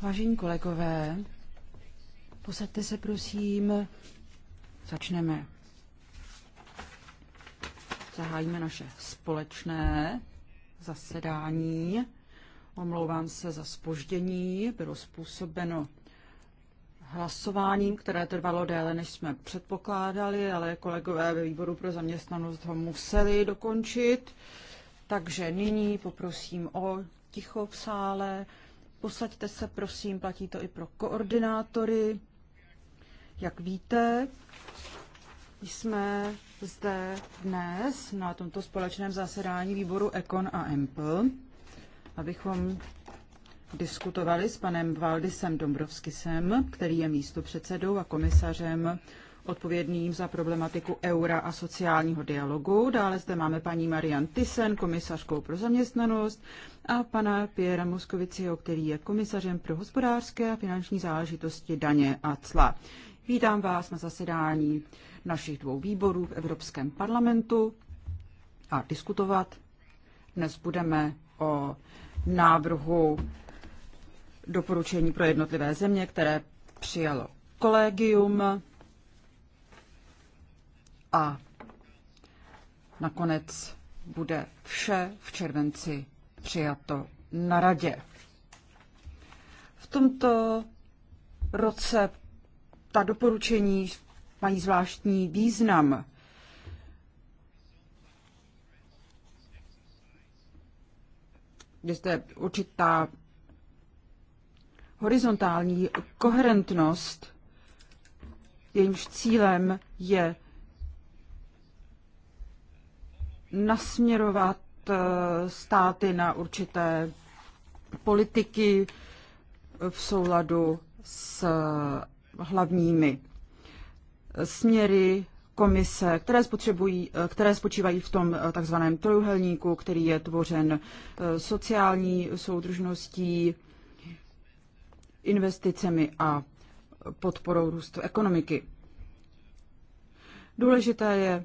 Vážení kolegové, posaďte se prosím, začneme. Zahájíme naše společné zasedání. Omlouvám se za spoždění, bylo způsobeno hlasováním, které trvalo déle, než jsme předpokládali, ale kolegové ve výboru pro zaměstnanost ho museli dokončit. Takže nyní poprosím o ticho v sále, posaďte se prosím, platí to i pro koordinátory. Jak víte, jsme zde dnes na tomto společném zasedání výboru Econ a Empl, abychom diskutovali s panem Valdisem Dombrovskisem, který je místopředsedou a komisařem odpovědným za problematiku eura a sociálního dialogu. Dále zde máme paní Marian Thyssen, komisařkou pro zaměstnanost a pana Piera Moskoviciho, který je komisařem pro hospodářské a finanční záležitosti daně a cla. Vítám vás na zasedání našich dvou výborů v Evropském parlamentu a diskutovat. Dnes budeme o návrhu doporučení pro jednotlivé země, které přijalo kolegium a nakonec bude vše v červenci přijato na radě. V tomto roce ta doporučení mají zvláštní význam. Je zde určitá horizontální koherentnost, jejímž cílem je nasměrovat eh, státy na určité politiky v souladu s hlavními směry komise, které, spotřebují, eh, které spočívají v tom eh, takzvaném trojuhelníku, který je tvořen sociální soudržností, investicemi a podporou růstu ekonomiky. Důležité je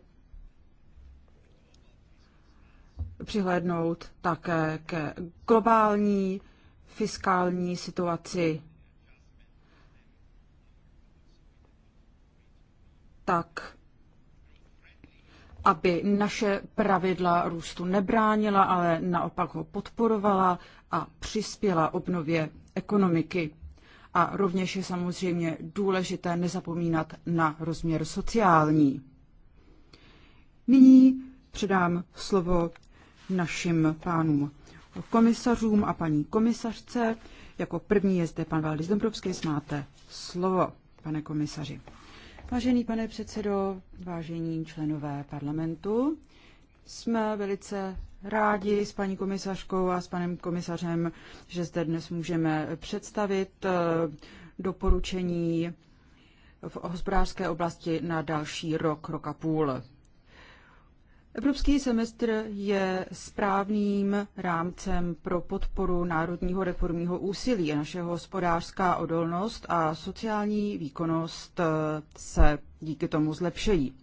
přihlédnout také ke globální fiskální situaci, tak aby naše pravidla růstu nebránila, ale naopak ho podporovala a přispěla obnově ekonomiky. A rovněž je samozřejmě důležité nezapomínat na rozměr sociální. Nyní předám slovo našim pánům komisařům a paní komisařce. Jako první je zde pan Valdis Dombrovský, máte slovo, pane komisaři. Vážený pane předsedo, vážení členové parlamentu, jsme velice rádi s paní komisařkou a s panem komisařem, že zde dnes můžeme představit eh, doporučení v hospodářské oblasti na další rok, rok a půl. Evropský semestr je správným rámcem pro podporu národního reformního úsilí. Naše hospodářská odolnost a sociální výkonnost eh, se díky tomu zlepšejí.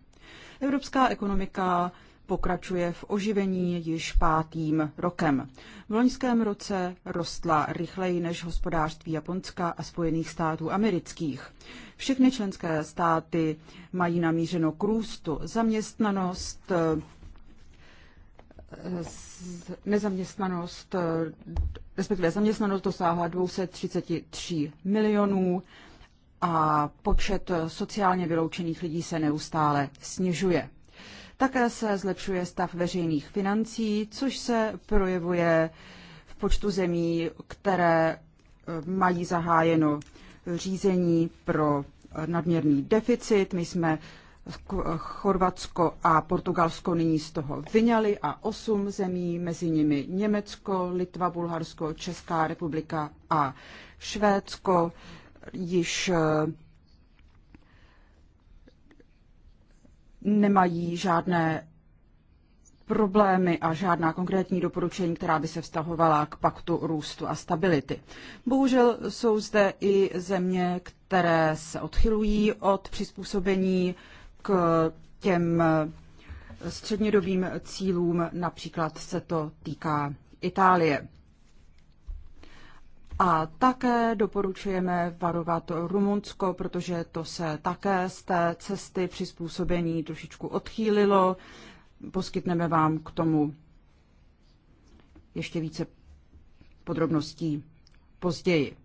Evropská ekonomika pokračuje v oživení již pátým rokem. V loňském roce rostla rychleji než hospodářství Japonska a Spojených států amerických. Všechny členské státy mají namířeno k růstu. Zaměstnanost eh, nezaměstnanost, respektive zaměstnanost dosáhla 233 milionů a počet sociálně vyloučených lidí se neustále snižuje. Také se zlepšuje stav veřejných financí, což se projevuje v počtu zemí, které eh, mají zahájeno řízení pro nadměrný deficit. My jsme Chorvatsko a Portugalsko nyní z toho vyňali a osm zemí, mezi nimi Německo, Litva, Bulharsko, Česká republika a Švédsko, již eh, nemají žádné problémy a žádná konkrétní doporučení, která by se vztahovala k paktu růstu a stability. Bohužel jsou zde i země, které se odchylují od přizpůsobení k těm střednědobým cílům, například se to týká Itálie. A také doporučujeme varovat Rumunsko, protože to se také z té cesty přizpůsobení trošičku odchýlilo. Poskytneme vám k tomu ještě více podrobností později.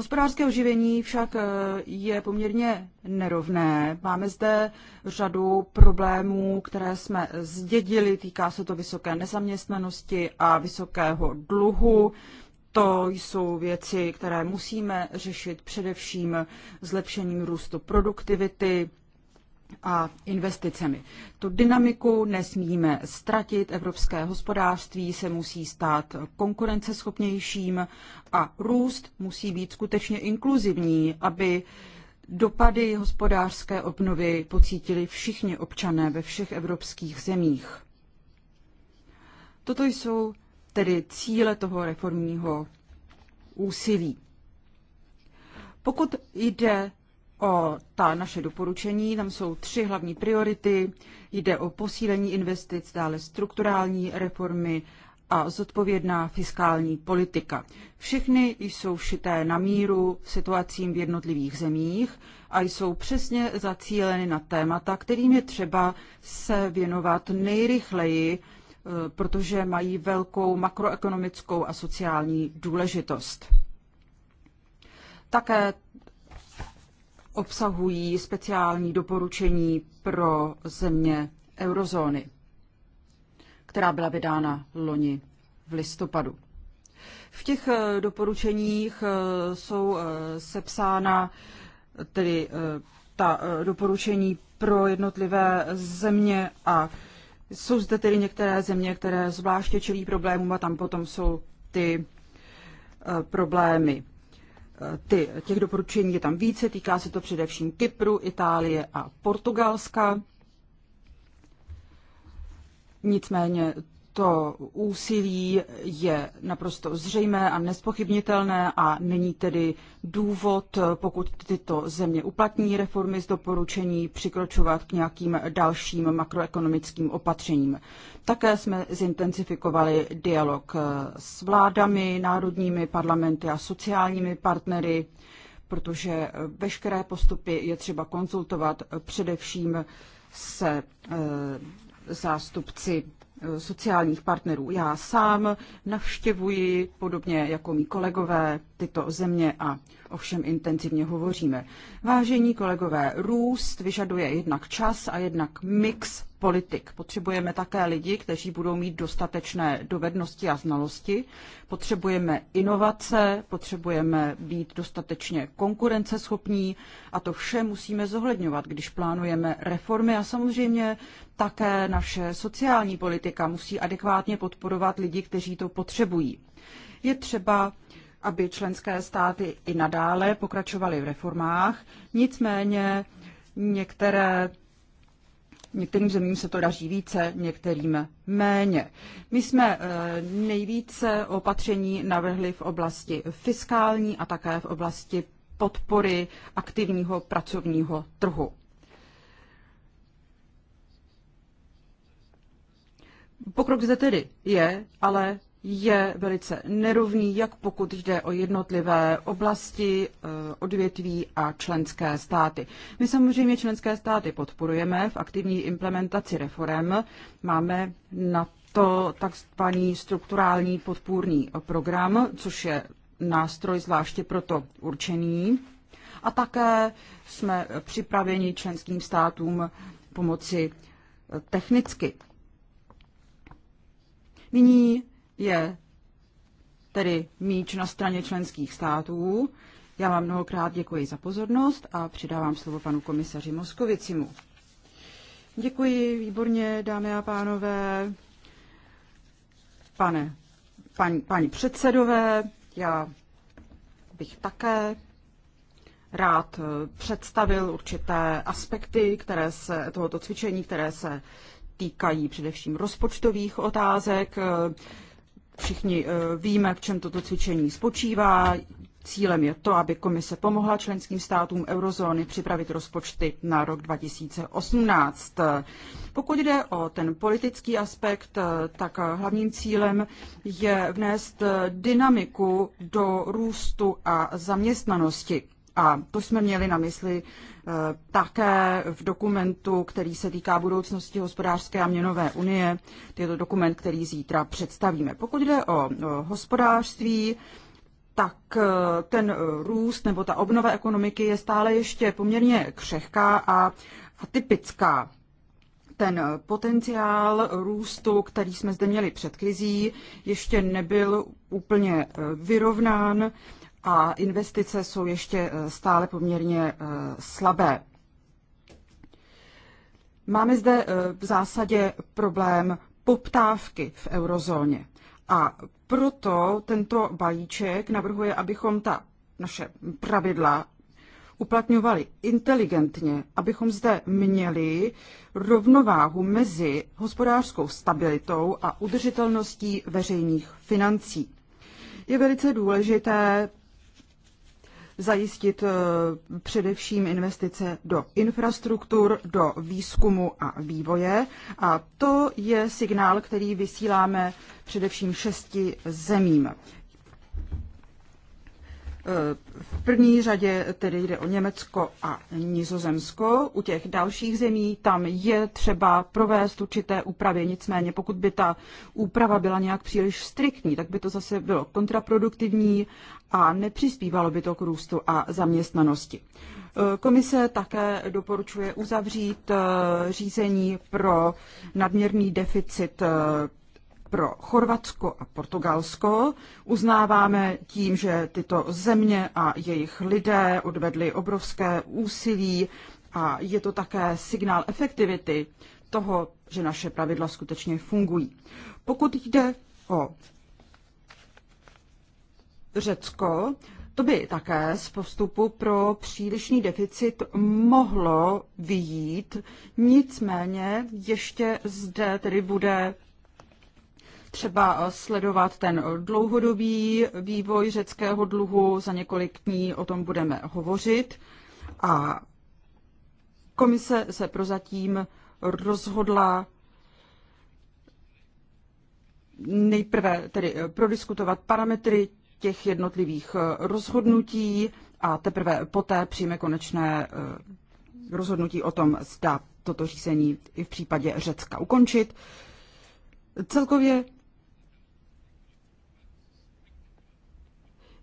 Hospodářské oživení však eh, je poměrně nerovné. Máme zde řadu problémů, které jsme zdědili. Týká se to vysoké nezaměstnanosti a vysokého dluhu. To jsou věci, které musíme řešit především zlepšením růstu produktivity, a investicemi. Tu dynamiku nesmíme ztratit, evropské hospodářství se musí stát konkurenceschopnějším a růst musí být skutečně inkluzivní, aby dopady hospodářské obnovy pocítili všichni občané ve všech evropských zemích. Toto jsou tedy cíle toho reformního úsilí. Pokud jde o ta naše doporučení. Tam jsou tři hlavní priority. Jde o posílení investic, dále strukturální reformy a zodpovědná fiskální politika. Všechny jsou šité na míru situacím v jednotlivých zemích a jsou přesně zacíleny na témata, kterým je třeba se věnovat nejrychleji, eh, protože mají velkou makroekonomickou a sociální důležitost. Také obsahují speciální doporučení pro země eurozóny, která byla vydána loni v listopadu. V těch eh, doporučeních eh, jsou eh, sepsána tedy ta doporučení pro jednotlivé země a jsou zde tedy některé země, které zvláště čelí problémům a tam potom jsou ty problémy ty, těch doporučení je tam více, týká se to především Kypru, Itálie a Portugalska. Nicméně to úsilí je naprosto zřejmé a nespochybnitelné a není tedy důvod, pokud tyto země uplatní reformy z doporučení, přikročovat k nějakým dalším makroekonomickým opatřením. Také jsme zintensifikovali dialog s vládami, národními parlamenty a sociálními partnery, protože veškeré postupy je třeba konzultovat především se eh, zástupci sociálních partnerů. Já sám navštěvuji, podobně jako mý kolegové, tyto země a ovšem intenzivně hovoříme. Vážení kolegové, růst vyžaduje jednak čas a jednak mix politik. Potřebujeme také lidi, kteří budou mít dostatečné dovednosti a znalosti. Potřebujeme inovace, potřebujeme být dostatečně konkurenceschopní a to vše musíme zohledňovat, když plánujeme reformy a samozřejmě také naše sociální politika musí adekvátně podporovat lidi, kteří to potřebují. Je třeba aby členské státy i nadále pokračovaly v reformách, nicméně některé Některým zemím se to daří více, některým méně. My jsme eh, nejvíce opatření navrhli v oblasti fiskální a také v oblasti podpory aktivního pracovního trhu. Pokrok zde tedy je, ale je velice nerovný, jak pokud jde o jednotlivé oblasti, eh, odvětví a členské státy. My samozřejmě členské státy podporujeme v aktivní implementaci reform. Máme na to takzvaný strukturální podpůrný program, což je nástroj zvláště proto určený. A také jsme připraveni členským státům pomoci eh, technicky. Nyní je tedy míč na straně členských států. Já vám mnohokrát děkuji za pozornost a přidávám slovo panu komisaři Moskovicimu. Děkuji, výborně, dámy a pánové, pane, paní, paní předsedové, já bych také rád představil určité aspekty které se, tohoto cvičení, které se týkají především rozpočtových otázek, Všichni eh, víme, v čem toto cvičení spočívá. Cílem je to, aby komise pomohla členským státům eurozóny připravit rozpočty na rok 2018. Pokud jde o ten politický aspekt, eh, tak eh, hlavním cílem je vnést dynamiku do růstu a zaměstnanosti. A to jsme měli na mysli eh, také v dokumentu, který se týká budoucnosti hospodářské a měnové unie. Je to dokument, který zítra představíme. Pokud jde o hospodářství, tak eh, ten růst nebo ta obnova ekonomiky je stále ještě poměrně křehká a typická. Ten potenciál růstu, který jsme zde měli před krizí, ještě nebyl úplně eh, vyrovnán a investice jsou ještě eh, stále poměrně eh, slabé. Máme zde eh, v zásadě problém poptávky v eurozóně. A proto tento balíček navrhuje, abychom ta naše pravidla uplatňovali inteligentně, abychom zde měli rovnováhu mezi hospodářskou stabilitou a udržitelností veřejných financí. Je velice důležité zajistit eh, především investice do infrastruktur, do výzkumu a vývoje. A to je signál, který vysíláme především šesti zemím. V první řadě tedy jde o Německo a Nizozemsko. U těch dalších zemí tam je třeba provést určité úpravy, nicméně pokud by ta úprava byla nějak příliš striktní, tak by to zase bylo kontraproduktivní a nepřispívalo by to k růstu a zaměstnanosti. E, komise také doporučuje uzavřít e, řízení pro nadměrný deficit e, pro Chorvatsko a Portugalsko. Uznáváme tím, že tyto země a jejich lidé odvedli obrovské úsilí a je to také signál efektivity toho, že naše pravidla skutečně fungují. Pokud jde o Řecko, to by také z postupu pro přílišný deficit mohlo vyjít, nicméně ještě zde tedy bude třeba sledovat ten dlouhodobý vývoj řeckého dluhu. Za několik dní o tom budeme hovořit. A komise se prozatím rozhodla nejprve tedy prodiskutovat parametry těch jednotlivých rozhodnutí a teprve poté přijme konečné eh, rozhodnutí o tom, zda toto řízení i v případě Řecka ukončit. Celkově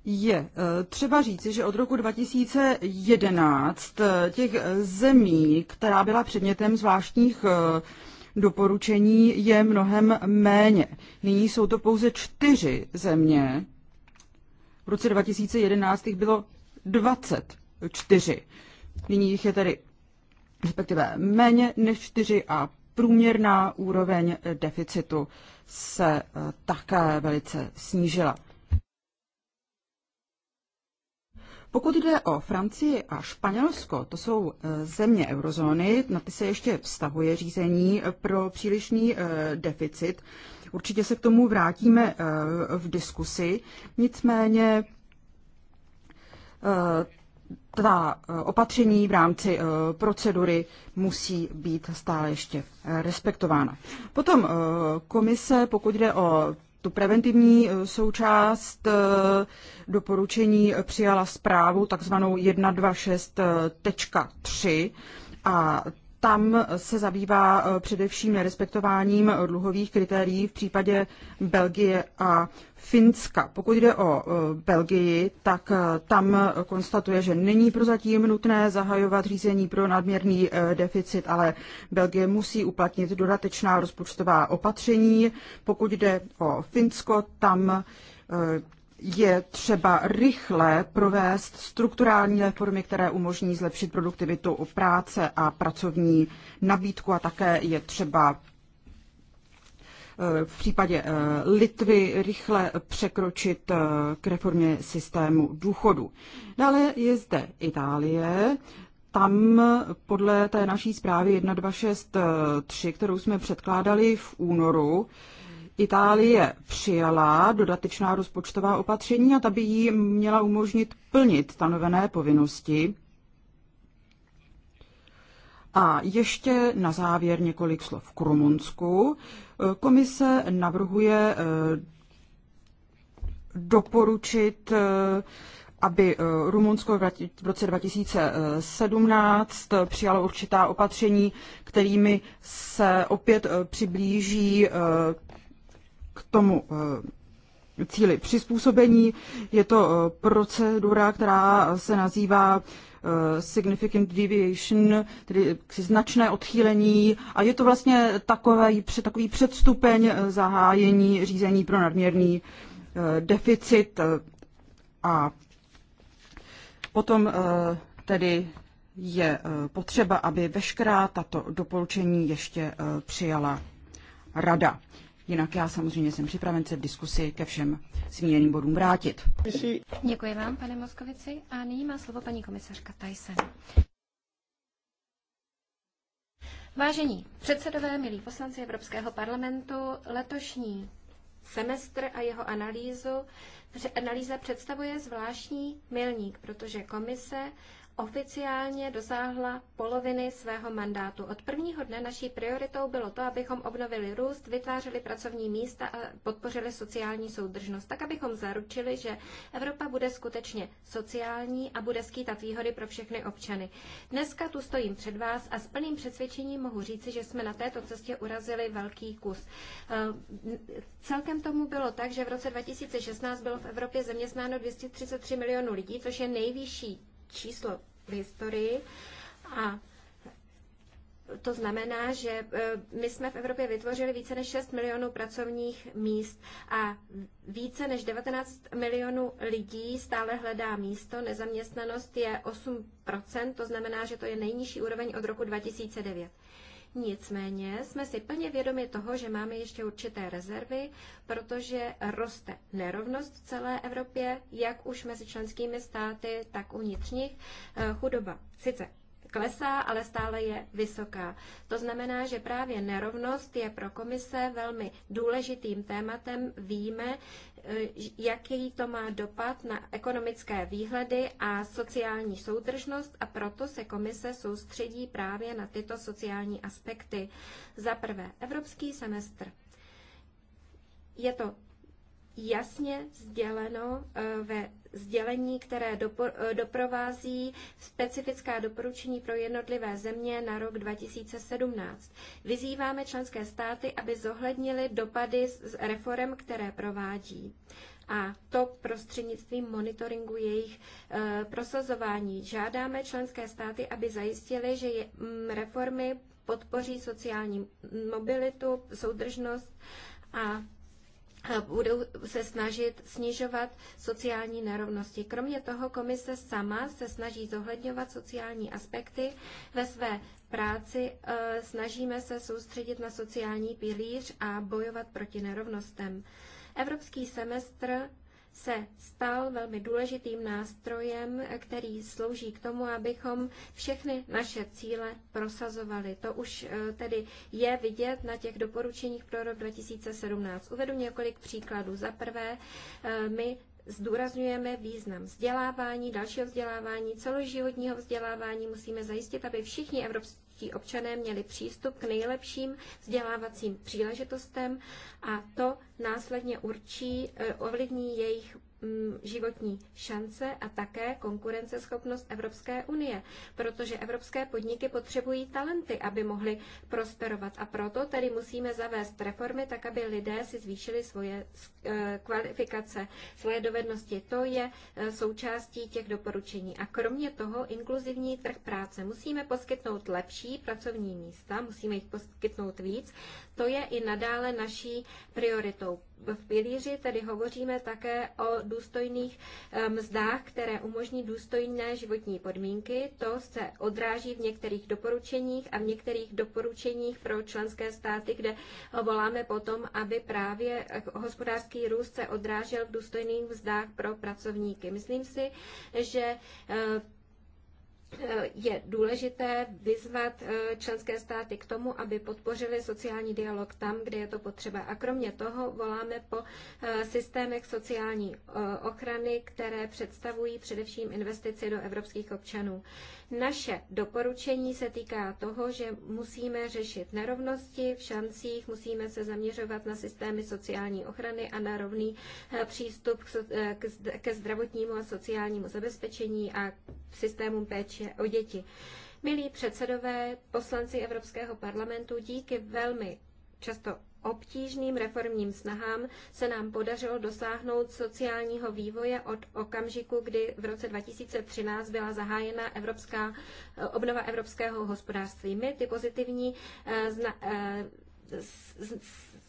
je eh, třeba říci, že od roku 2011 eh, těch eh, zemí, která byla předmětem zvláštních doporučení, je mnohem méně. Nyní jsou to pouze čtyři země. V roce 2011 jich bylo 24. Nyní jich je tedy respektive méně než čtyři a průměrná úroveň deficitu se také velice snížila. Pokud jde o Francii a Španělsko, to jsou e, země eurozóny, na ty se ještě vztahuje řízení e, pro přílišný e, deficit. Určitě se k tomu vrátíme v diskusi. Nicméně ta opatření v rámci procedury musí být stále ještě respektována. Potom komise, pokud jde o tu preventivní e, součást e, doporučení e, přijala zprávu takzvanou 126.3 a tam se zabývá eh, především nerespektováním dluhových kritérií v případě Belgie a Finska. Pokud jde o eh, Belgii, tak eh, tam konstatuje, že není prozatím nutné zahajovat řízení pro nadměrný deficit, ale Belgie musí uplatnit dodatečná rozpočtová opatření. Pokud jde o Finsko, tam je třeba rychle provést strukturální reformy, které umožní zlepšit produktivitu práce a pracovní nabídku a také je třeba eh, v případě eh, Litvy rychle překročit eh, k reformě systému důchodu. Dále je zde Itálie. Tam podle té naší zprávy 1263, kterou jsme předkládali v únoru, Itálie přijala dodatečná rozpočtová opatření a ta by jí měla umožnit plnit stanovené povinnosti. A ještě na závěr několik slov k Rumunsku. Komise navrhuje eh, doporučit, eh, aby eh, Rumunsko v roce 2017 přijalo určitá opatření, kterými se opět přiblíží k tomu eh, cíli přizpůsobení. Je to eh, procedura, která se nazývá eh, significant deviation, tedy značné odchýlení a je to vlastně takový, takový předstupeň zahájení řízení pro nadměrný deficit a potom tedy je potřeba, aby veškerá tato doporučení ještě přijala rada. Jinak já samozřejmě jsem připraven se v diskusi ke všem zmíněným bodům vrátit. Děkuji vám, pane Moskovici. A nyní má slovo paní komisařka Tyson. Vážení předsedové, milí poslanci Evropského parlamentu, letošní semestr a jeho analýzu, analýza představuje zvláštní milník, protože komise oficiálně dosáhla poloviny svého mandátu. Od prvního dne naší prioritou bylo to, abychom obnovili růst, vytvářeli pracovní místa a podpořili sociální soudržnost, tak abychom zaručili, že Evropa bude skutečně sociální a bude skýtat výhody pro všechny občany. Dneska tu stojím před vás a s plným přesvědčením mohu říci, že jsme na této cestě urazili velký kus. Eh, celkem tomu bylo tak, že v roce 2016 bylo v Evropě zaměstnáno 233 milionů lidí, což je nejvyšší číslo v historii a to znamená, že e, my jsme v Evropě vytvořili více než 6 milionů pracovních míst a více než 19 milionů lidí stále hledá místo. Nezaměstnanost je 8%, to znamená, že to je nejnižší úroveň od roku 2009. Nicméně jsme si plně vědomi toho, že máme ještě určité rezervy, protože roste nerovnost v celé Evropě, jak už mezi členskými státy, tak uvnitř nich. Eh, chudoba sice klesá, ale stále je vysoká. To znamená, že právě nerovnost je pro komise velmi důležitým tématem. Víme, eh, jaký to má dopad na ekonomické výhledy a sociální soudržnost a proto se komise soustředí právě na tyto sociální aspekty. Za prvé, evropský semestr. Je to jasně sděleno eh, ve sdělení, které eh, doprovází specifická doporučení pro jednotlivé země na rok 2017. Vyzýváme členské státy, aby zohlednili dopady z reform, které provádí a to prostřednictvím monitoringu jejich e, prosazování. Žádáme členské státy, aby zajistili, že je, m, mm, reformy podpoří sociální mobilitu, soudržnost a budou se snažit snižovat sociální nerovnosti. Kromě toho komise sama se snaží zohledňovat sociální aspekty ve své práci. E, snažíme se soustředit na sociální pilíř a bojovat proti nerovnostem. Evropský semestr se stal velmi důležitým nástrojem, který slouží k tomu, abychom všechny naše cíle prosazovali. To už eh, tedy je vidět na těch doporučeních pro rok 2017. Uvedu několik příkladů. Za prvé, eh, my zdůrazňujeme význam vzdělávání, dalšího vzdělávání, celoživotního vzdělávání. Musíme zajistit, aby všichni evropští čeští občané měli přístup k nejlepším vzdělávacím příležitostem a to následně určí, eh, ovlivní jejich Mm, životní šance a také konkurenceschopnost Evropské unie, protože evropské podniky potřebují talenty, aby mohly prosperovat. A proto tedy musíme zavést reformy tak, aby lidé si zvýšili svoje eh, kvalifikace, svoje dovednosti. To je eh, součástí těch doporučení. A kromě toho inkluzivní trh práce. Musíme poskytnout lepší pracovní místa, musíme jich poskytnout víc. To je i nadále naší prioritou v pilíři tedy hovoříme také o důstojných eh, mzdách, které umožní důstojné životní podmínky. To se odráží v některých doporučeních a v některých doporučeních pro členské státy, kde voláme potom, aby právě eh, hospodářský růst se odrážel v důstojných mzdách pro pracovníky. Myslím si, že eh, Eh, je důležité vyzvat eh, členské státy k tomu, aby podpořili sociální dialog tam, kde je to potřeba. A kromě toho voláme po eh, systémech sociální ochrany, které představují především investici do evropských občanů. Naše doporučení se týká toho, že musíme řešit nerovnosti v šancích, musíme se zaměřovat na systémy sociální ochrany a na rovný eh, přístup eh, ke zdravotnímu a sociálnímu zabezpečení a systémům péče o děti. Milí předsedové, poslanci Evropského parlamentu, díky velmi často obtížným reformním snahám se nám podařilo dosáhnout sociálního vývoje od okamžiku, kdy v roce 2013 byla zahájena evropská, obnova evropského hospodářství. My ty pozitivní eh, zna, z, eh, z,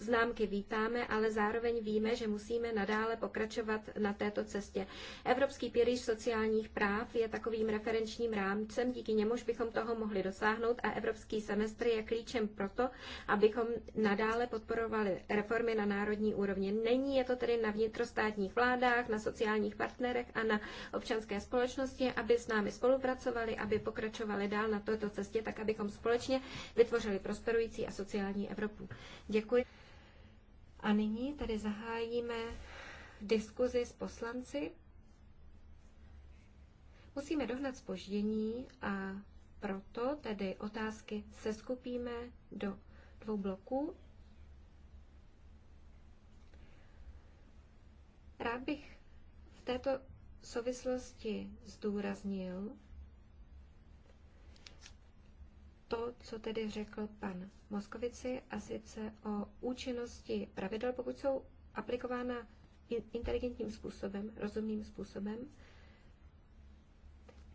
známky vítáme, ale zároveň víme, že musíme nadále pokračovat na této cestě. Evropský pilíř sociálních práv je takovým referenčním rámcem, díky němuž bychom toho mohli dosáhnout a evropský semestr je klíčem proto, abychom nadále podporovali reformy na národní úrovni. Není je to tedy na vnitrostátních vládách, na sociálních partnerech a na občanské společnosti, aby s námi spolupracovali, aby pokračovali dál na této cestě, tak abychom společně vytvořili prosperující a sociální Evropu. Děkuji. A nyní tady zahájíme diskuzi s poslanci. Musíme dohnat spoždění a proto tedy otázky se skupíme do dvou bloků. Rád bych v této souvislosti zdůraznil, to, co tedy řekl pan Moskovici, a sice o účinnosti pravidel, pokud jsou aplikována inteligentním způsobem, rozumným způsobem,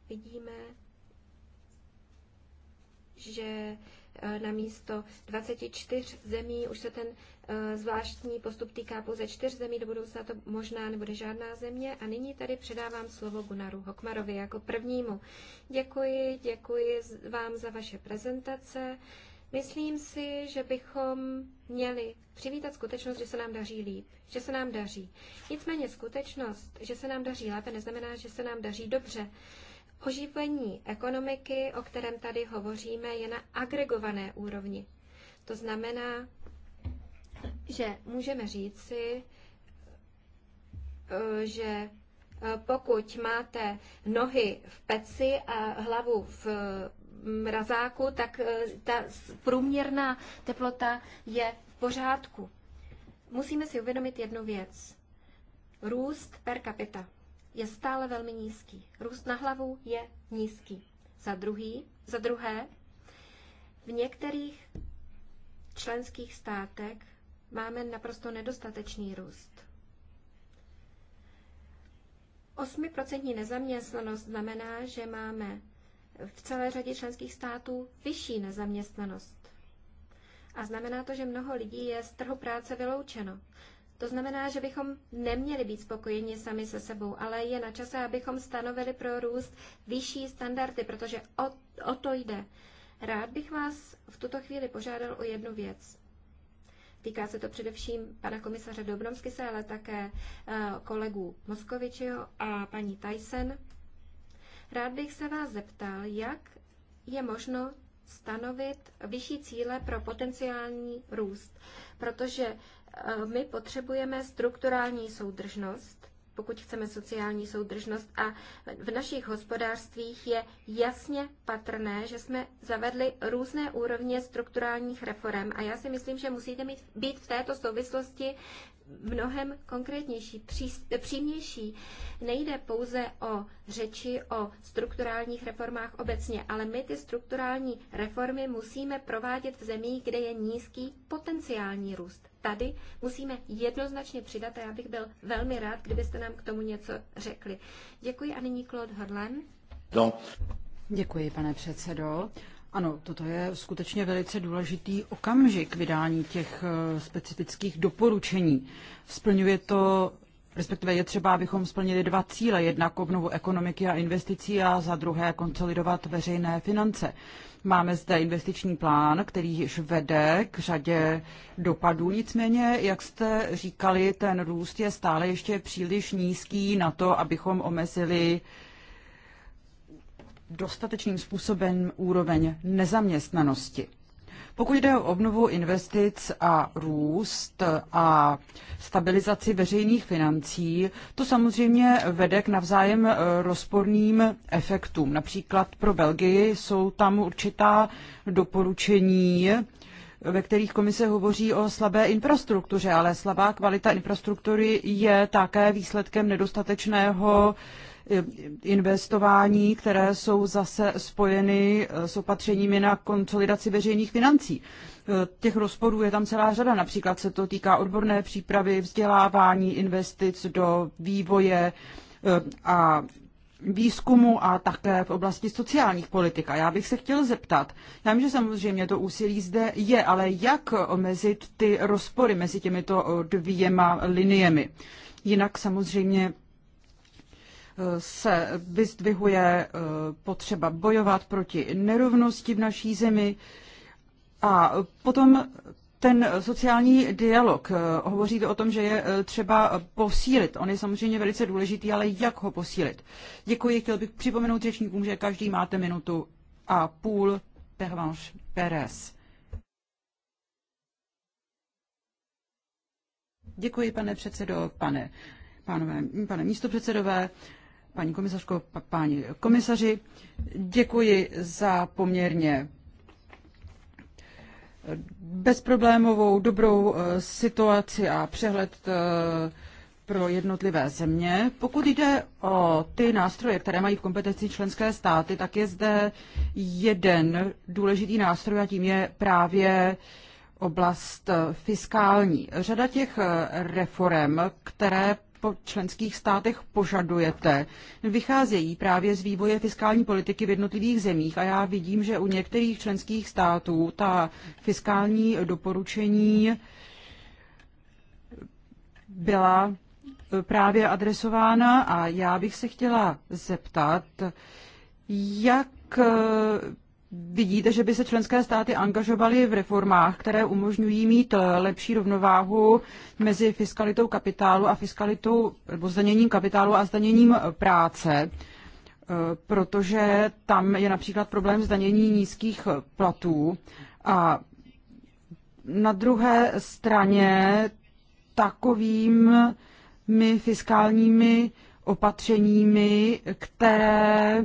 vidíme, že na místo 24 zemí už se ten eh, zvláštní postup týká pouze čtyř zemí, do budoucna to možná nebude žádná země. A nyní tady předávám slovo Gunaru Hokmarovi jako prvnímu. Děkuji, děkuji vám za vaše prezentace. Myslím si, že bychom měli přivítat skutečnost, že se nám daří líp, že se nám daří. Nicméně skutečnost, že se nám daří lépe, neznamená, že se nám daří dobře. Oživení ekonomiky, o kterém tady hovoříme, je na agregované úrovni. To znamená, že můžeme říci, eh, že eh, pokud máte nohy v peci a hlavu v mrazáku, mm, tak eh, ta průměrná teplota je v pořádku. Musíme si uvědomit jednu věc. Růst per capita je stále velmi nízký. Růst na hlavu je nízký. Za, druhý, za druhé, v některých členských státech máme naprosto nedostatečný růst. 8% nezaměstnanost znamená, že máme v celé řadě členských států vyšší nezaměstnanost. A znamená to, že mnoho lidí je z trhu práce vyloučeno. To znamená, že bychom neměli být spokojeni sami se sebou, ale je na čase, abychom stanovili pro růst vyšší standardy, protože o, o to jde. Rád bych vás v tuto chvíli požádal o jednu věc. Týká se to především pana komisaře Dobromskise, ale také eh, kolegů Moskovičeho a paní Tyson. Rád bych se vás zeptal, jak je možno stanovit vyšší cíle pro potenciální růst, protože eh, my potřebujeme strukturální soudržnost pokud chceme sociální soudržnost. A v našich hospodářstvích je jasně patrné, že jsme zavedli různé úrovně strukturálních reform. A já si myslím, že musíte mít, být v této souvislosti mnohem konkrétnější, pří, přímější. Nejde pouze o řeči o strukturálních reformách obecně, ale my ty strukturální reformy musíme provádět v zemích, kde je nízký potenciální růst tady musíme jednoznačně přidat a já bych byl velmi rád, kdybyste nám k tomu něco řekli. Děkuji a nyní Claude Horlen. No. Děkuji, pane předsedo. Ano, toto je skutečně velice důležitý okamžik vydání těch eh, specifických doporučení. Splňuje to respektive je třeba, abychom splnili dva cíle, jednak obnovu ekonomiky a investicí a za druhé konsolidovat veřejné finance. Máme zde investiční plán, který již vede k řadě dopadů, nicméně, jak jste říkali, ten růst je stále ještě příliš nízký na to, abychom omezili dostatečným způsobem úroveň nezaměstnanosti. Pokud jde o obnovu investic a růst a stabilizaci veřejných financí, to samozřejmě vede k navzájem eh, rozporným efektům. Například pro Belgii jsou tam určitá doporučení, ve kterých komise hovoří o slabé infrastruktuře, ale slabá kvalita infrastruktury je také výsledkem nedostatečného investování, které jsou zase spojeny eh, s opatřeními na konsolidaci veřejných financí. Eh, těch rozporů je tam celá řada, například se to týká odborné přípravy, vzdělávání, investic do vývoje eh, a výzkumu a také v oblasti sociálních politik. A já bych se chtěl zeptat, já vím, že samozřejmě to úsilí zde je, ale jak omezit ty rozpory mezi těmito dvěma liniemi? Jinak samozřejmě se vyzdvihuje eh, potřeba bojovat proti nerovnosti v naší zemi a potom ten sociální dialog. Eh, hovoří o tom, že je eh, třeba posílit. On je samozřejmě velice důležitý, ale jak ho posílit? Děkuji, chtěl bych připomenout řečníkům, že každý máte minutu a půl. Pervanche Perez. Děkuji, pane předsedo, pane, pánové, pane místopředsedové paní komisařko, páni komisaři, děkuji za poměrně eh, bezproblémovou, dobrou eh, situaci a přehled eh, pro jednotlivé země. Pokud jde o ty nástroje, které mají v kompetenci členské státy, tak je zde jeden důležitý nástroj a tím je právě oblast fiskální. Řada těch reform, které po členských státech požadujete, vycházejí právě z vývoje fiskální politiky v jednotlivých zemích a já vidím, že u některých členských států ta fiskální doporučení byla e, právě adresována a já bych se chtěla zeptat, jak e, vidíte, že by se členské státy angažovaly v reformách, které umožňují mít eh, lepší rovnováhu mezi fiskalitou kapitálu a fiskalitou, nebo zdaněním kapitálu a zdaněním eh, práce, eh, protože tam je například problém zdanění nízkých platů a na druhé straně takovými fiskálními opatřeními, které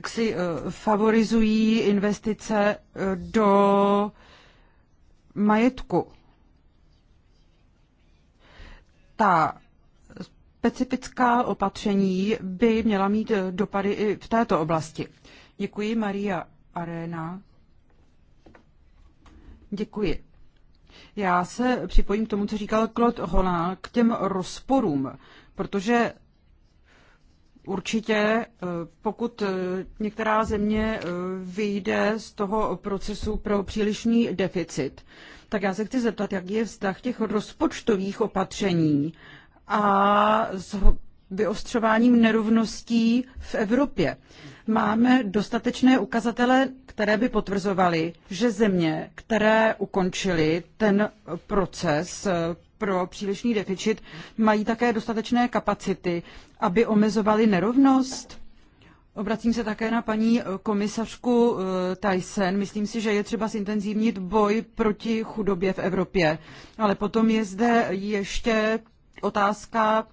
jak si eh, favorizují investice eh, do majetku. Ta specifická opatření by měla mít eh, dopady i v této oblasti. Děkuji, Maria Arena. Děkuji. Já se připojím k tomu, co říkal Claude Holland, k těm rozporům, protože Určitě, eh, pokud eh, některá země eh, vyjde z toho procesu pro přílišný deficit, tak já se chci zeptat, jak je vztah těch rozpočtových opatření a s vyostřováním nerovností v Evropě. Máme dostatečné ukazatele, které by potvrzovaly, že země, které ukončily ten proces pro přílišný deficit mají také dostatečné kapacity, aby omezovali nerovnost? Obracím se také na paní eh, komisařku eh, Tyson. Myslím si, že je třeba zintenzivnit boj proti chudobě v Evropě. Ale potom je zde ještě otázka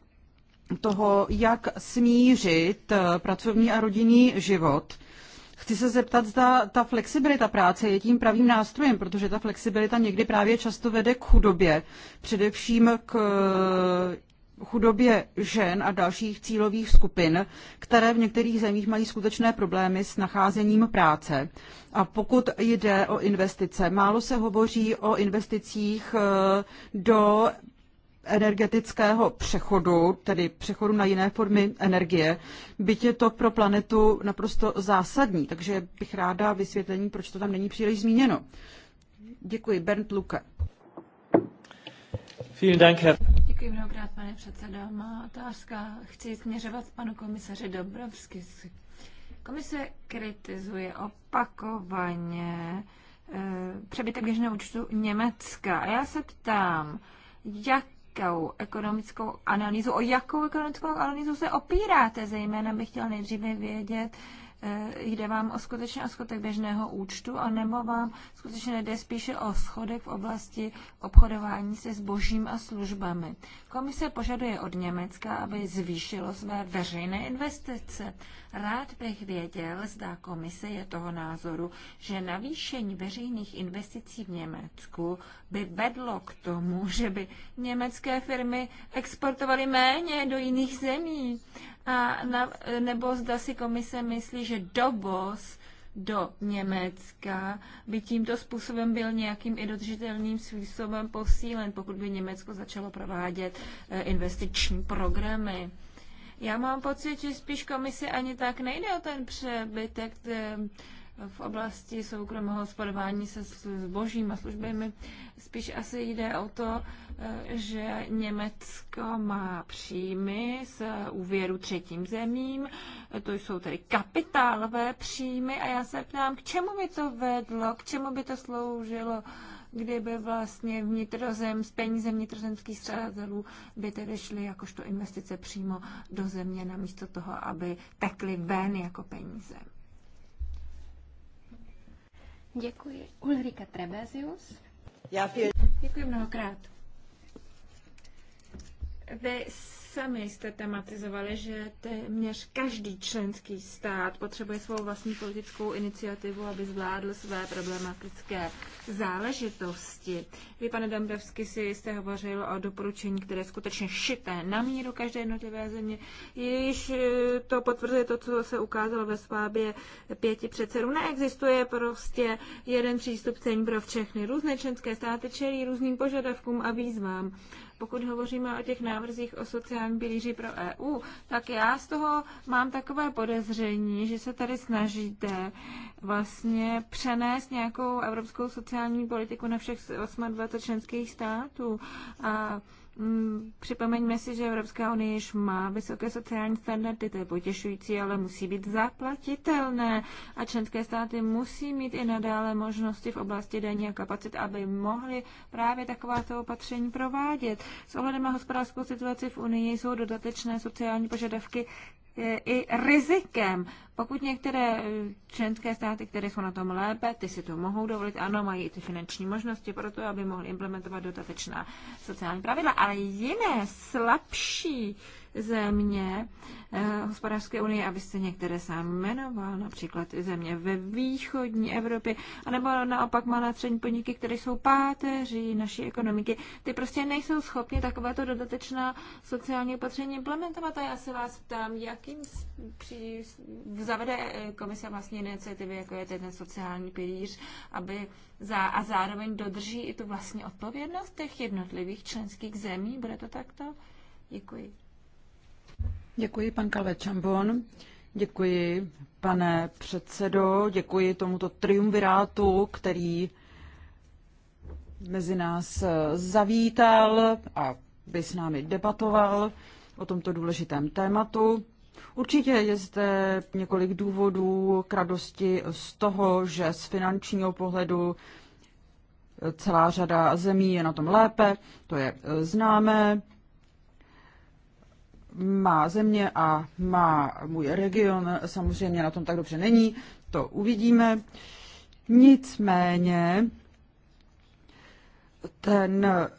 toho, jak smířit eh, pracovní a rodinný život. Chci se zeptat, zda ta flexibilita práce je tím pravým nástrojem, protože ta flexibilita někdy právě často vede k chudobě, především k eh, chudobě žen a dalších cílových skupin, které v některých zemích mají skutečné problémy s nacházením práce. A pokud jde o investice, málo se hovoří o investicích eh, do energetického přechodu, tedy přechodu na jiné formy energie, byť je to pro planetu naprosto zásadní. Takže bych ráda vysvětlení, proč to tam není příliš zmíněno. Děkuji. Bernd Luke. Děkuji mnohokrát, pane předsedo. Má otázka chci směřovat panu komisaři Dobrovsky. Komise kritizuje opakovaně eh, přebytek běžného účtu Německa. A já se ptám, jak jakou ekonomickou analýzu, o jakou ekonomickou analýzu se opíráte. Zejména bych chtěl nejdříve vědět, eh, jde vám o skutečně o schodek běžného účtu, anebo vám skutečně jde spíše o schodek v oblasti obchodování se zbožím a službami. Komise požaduje od Německa, aby zvýšilo své veřejné investice. Rád bych věděl, zda komise je toho názoru, že navýšení veřejných investicí v Německu by vedlo k tomu, že by německé firmy exportovaly méně do jiných zemí. A na, nebo zda si komise myslí, že dovoz do Německa by tímto způsobem byl nějakým i dodržitelným způsobem posílen, pokud by Německo začalo provádět eh, investiční programy. Já mám pocit, že spíš komisi ani tak nejde o ten přebytek eh, v oblasti soukromého hospodování se zbožím a službami. Spíš asi jde o to, eh, že Německo má příjmy z úvěru třetím zemím, to jsou tedy kapitálové příjmy a já se ptám, k čemu by to vedlo, k čemu by to sloužilo kdyby vlastně vnitrozem, z peníze vnitrozemských střadatelů by tedy šly jakožto investice přímo do země, namísto toho, aby tekly ven jako peníze. Děkuji. Ulrika Trebezius. Já Děkuji mnohokrát. Vy sami jste tematizovali, že téměř každý členský stát potřebuje svou vlastní politickou iniciativu, aby zvládl své problematické záležitosti. Vy, pane Dambrovsky, si jste hovořil o doporučení, které je skutečně šité na míru každé jednotlivé země. Již eh, to potvrzuje to, co se ukázalo ve svábě pěti předsedů. Neexistuje prostě jeden přístup cení pro všechny. Různé členské státy čelí různým požadavkům a výzvám. Pokud hovoříme o těch návrzích o sociálním pilíři pro EU, tak já z toho mám takové podezření, že se tady snažíte vlastně přenést nějakou evropskou sociální politiku na všech 28 členských států. A Mm, připomeňme si, že Evropská unie již má vysoké sociální standardy, to je potěšující, ale musí být zaplatitelné a členské státy musí mít i nadále možnosti v oblasti daní a kapacit, aby mohly právě takováto opatření provádět. S ohledem na hospodářskou situaci v Unii jsou dodatečné sociální požadavky, i rizikem. Pokud některé eh, členské státy, které jsou na tom lépe, ty si to mohou dovolit, ano, mají i ty finanční možnosti pro to, aby mohli implementovat dotatečná sociální pravidla, ale jiné slabší země eh, hospodářské unie, abyste některé sám jmenoval, například země ve východní Evropě, anebo naopak malé střední podniky, které jsou páteří naší ekonomiky, ty prostě nejsou schopni takovéto dodatečná sociální opatření implementovat. A já se vás ptám, jakým při... zavede eh, komise vlastně iniciativy, jako je ten sociální pilíř, aby za, a zároveň dodrží i tu vlastní odpovědnost těch jednotlivých členských zemí? Bude to takto? Děkuji. Děkuji, pan Kalve Čambon. Děkuji, pane předsedo. Děkuji tomuto triumvirátu, který mezi nás eh, zavítal a by s námi debatoval o tomto důležitém tématu. Určitě je zde několik důvodů k radosti z toho, že z finančního pohledu eh, celá řada zemí je na tom lépe, to je eh, známé má země a má můj region samozřejmě na tom tak dobře není, to uvidíme. Nicméně ten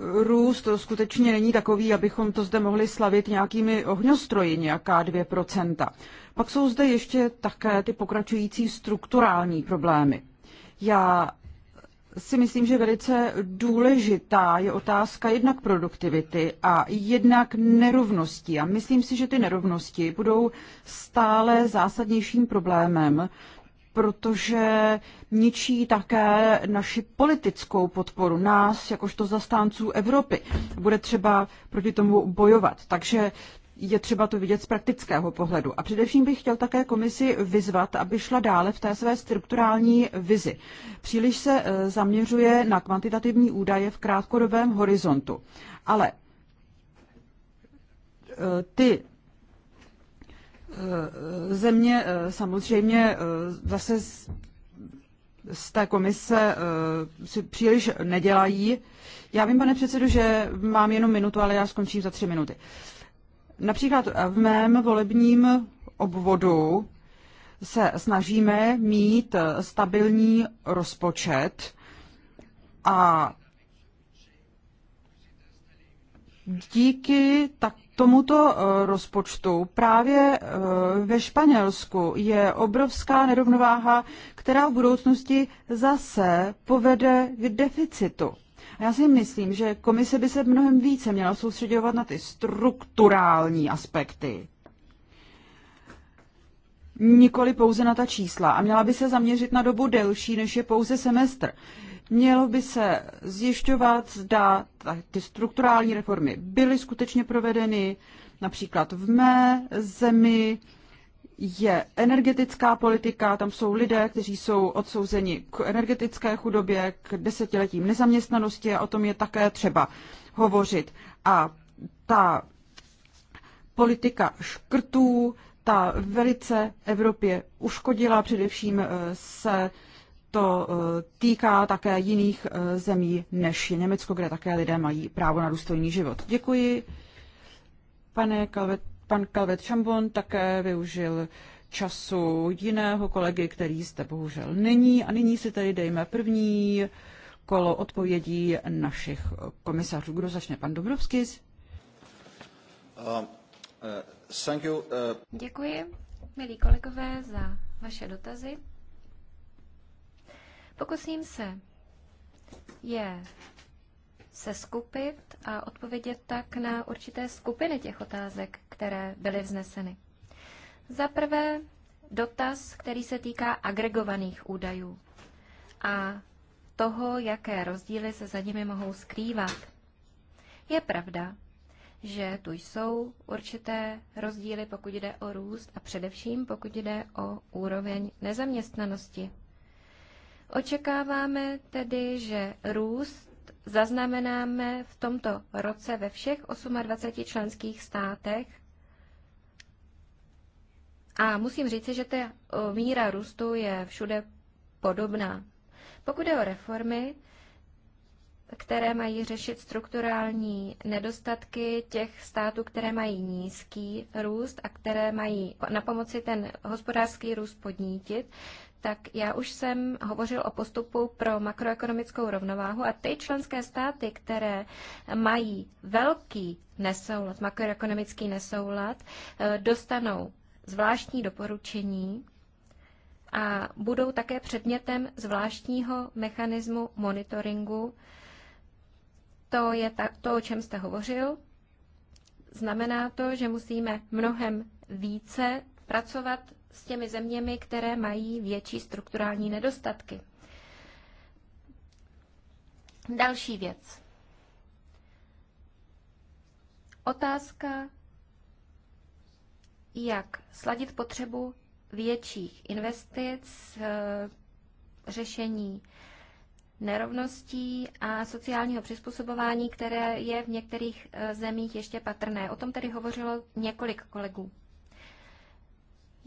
růst to skutečně není takový, abychom to zde mohli slavit nějakými ohňostroji, nějaká 2%. Pak jsou zde ještě také ty pokračující strukturální problémy. Já si myslím, že velice důležitá je otázka jednak produktivity a jednak nerovností. A myslím si, že ty nerovnosti budou stále zásadnějším problémem, protože ničí také naši politickou podporu, nás jakožto zastánců Evropy. Bude třeba proti tomu bojovat. Takže je třeba to vidět z praktického pohledu. A především bych chtěl také komisi vyzvat, aby šla dále v té své strukturální vizi. Příliš se e, zaměřuje na kvantitativní údaje v krátkodobém horizontu. Ale e, ty e, země samozřejmě zase z té komise si příliš nedělají. Já vím, pane předsedu, že mám jenom minutu, ale já skončím za tři minuty. Uh, Například v mém volebním obvodu se snažíme mít stabilní rozpočet a díky tak tomuto eh, rozpočtu právě eh, ve Španělsku je obrovská nerovnováha, která v budoucnosti zase povede k deficitu. Já si myslím, že komise by se mnohem více měla soustředovat na ty strukturální aspekty. Nikoli pouze na ta čísla a měla by se zaměřit na dobu delší, než je pouze semestr. Mělo by se zjišťovat, zda ty strukturální reformy byly skutečně provedeny, například v mé zemi je energetická politika, tam jsou lidé, kteří jsou odsouzeni k energetické chudobě, k desetiletím nezaměstnanosti a o tom je také třeba hovořit. A ta politika škrtů, ta velice Evropě uškodila, především eh, se to eh, týká také jiných eh, zemí než je Německo, kde také lidé mají právo na důstojný život. Děkuji, pane Kalvet Pan Calvet Chambon také využil času jiného kolegy, který zde bohužel není. A nyní si tady dejme první kolo odpovědí našich komisařů. Kdo začne? Pan Dobrovský. Uh, uh, uh... Děkuji, milí kolegové, za vaše dotazy. Pokusím se je se skupit a odpovědět tak na určité skupiny těch otázek, které byly vzneseny. Za prvé dotaz, který se týká agregovaných údajů a toho, jaké rozdíly se za nimi mohou skrývat. Je pravda, že tu jsou určité rozdíly, pokud jde o růst a především pokud jde o úroveň nezaměstnanosti. Očekáváme tedy, že růst zaznamenáme v tomto roce ve všech 28 členských státech. A musím říci, že ta míra růstu je všude podobná. Pokud je o reformy, které mají řešit strukturální nedostatky těch států, které mají nízký růst a které mají na pomoci ten hospodářský růst podnítit, tak já už jsem hovořil o postupu pro makroekonomickou rovnováhu a ty členské státy, které mají velký nesoulad, makroekonomický nesoulad, eh, dostanou zvláštní doporučení a budou také předmětem zvláštního mechanismu monitoringu. To je ta, to, o čem jste hovořil. Znamená to, že musíme mnohem více pracovat s těmi zeměmi, které mají větší strukturální nedostatky. Další věc. Otázka, jak sladit potřebu větších investic, eh, řešení nerovností a sociálního přizpůsobování, které je v některých eh, zemích ještě patrné. O tom tedy hovořilo několik kolegů.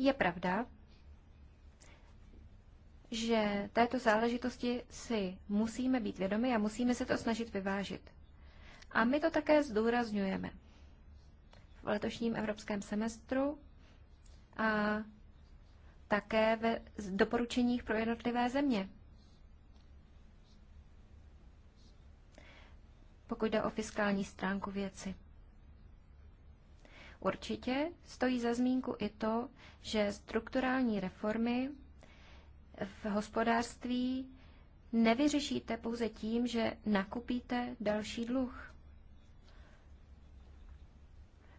Je pravda, že této záležitosti si musíme být vědomi a musíme se to snažit vyvážit. A my to také zdůrazňujeme v letošním evropském semestru a také ve doporučeních pro jednotlivé země. Pokud jde o fiskální stránku věci. Určitě stojí za zmínku i to, že strukturální reformy v hospodářství nevyřešíte pouze tím, že nakupíte další dluh.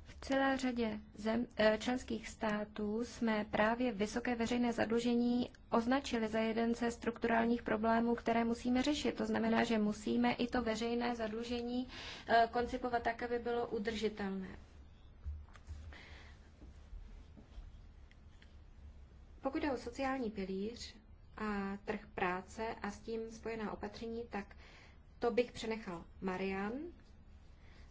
V celé řadě zem, eh, členských států jsme právě vysoké veřejné zadlužení označili za jeden ze strukturálních problémů, které musíme řešit. To znamená, že musíme i to veřejné zadlužení eh, koncipovat tak, aby bylo udržitelné. Pokud jde o sociální pilíř a trh práce a s tím spojená opatření, tak to bych přenechal Marian.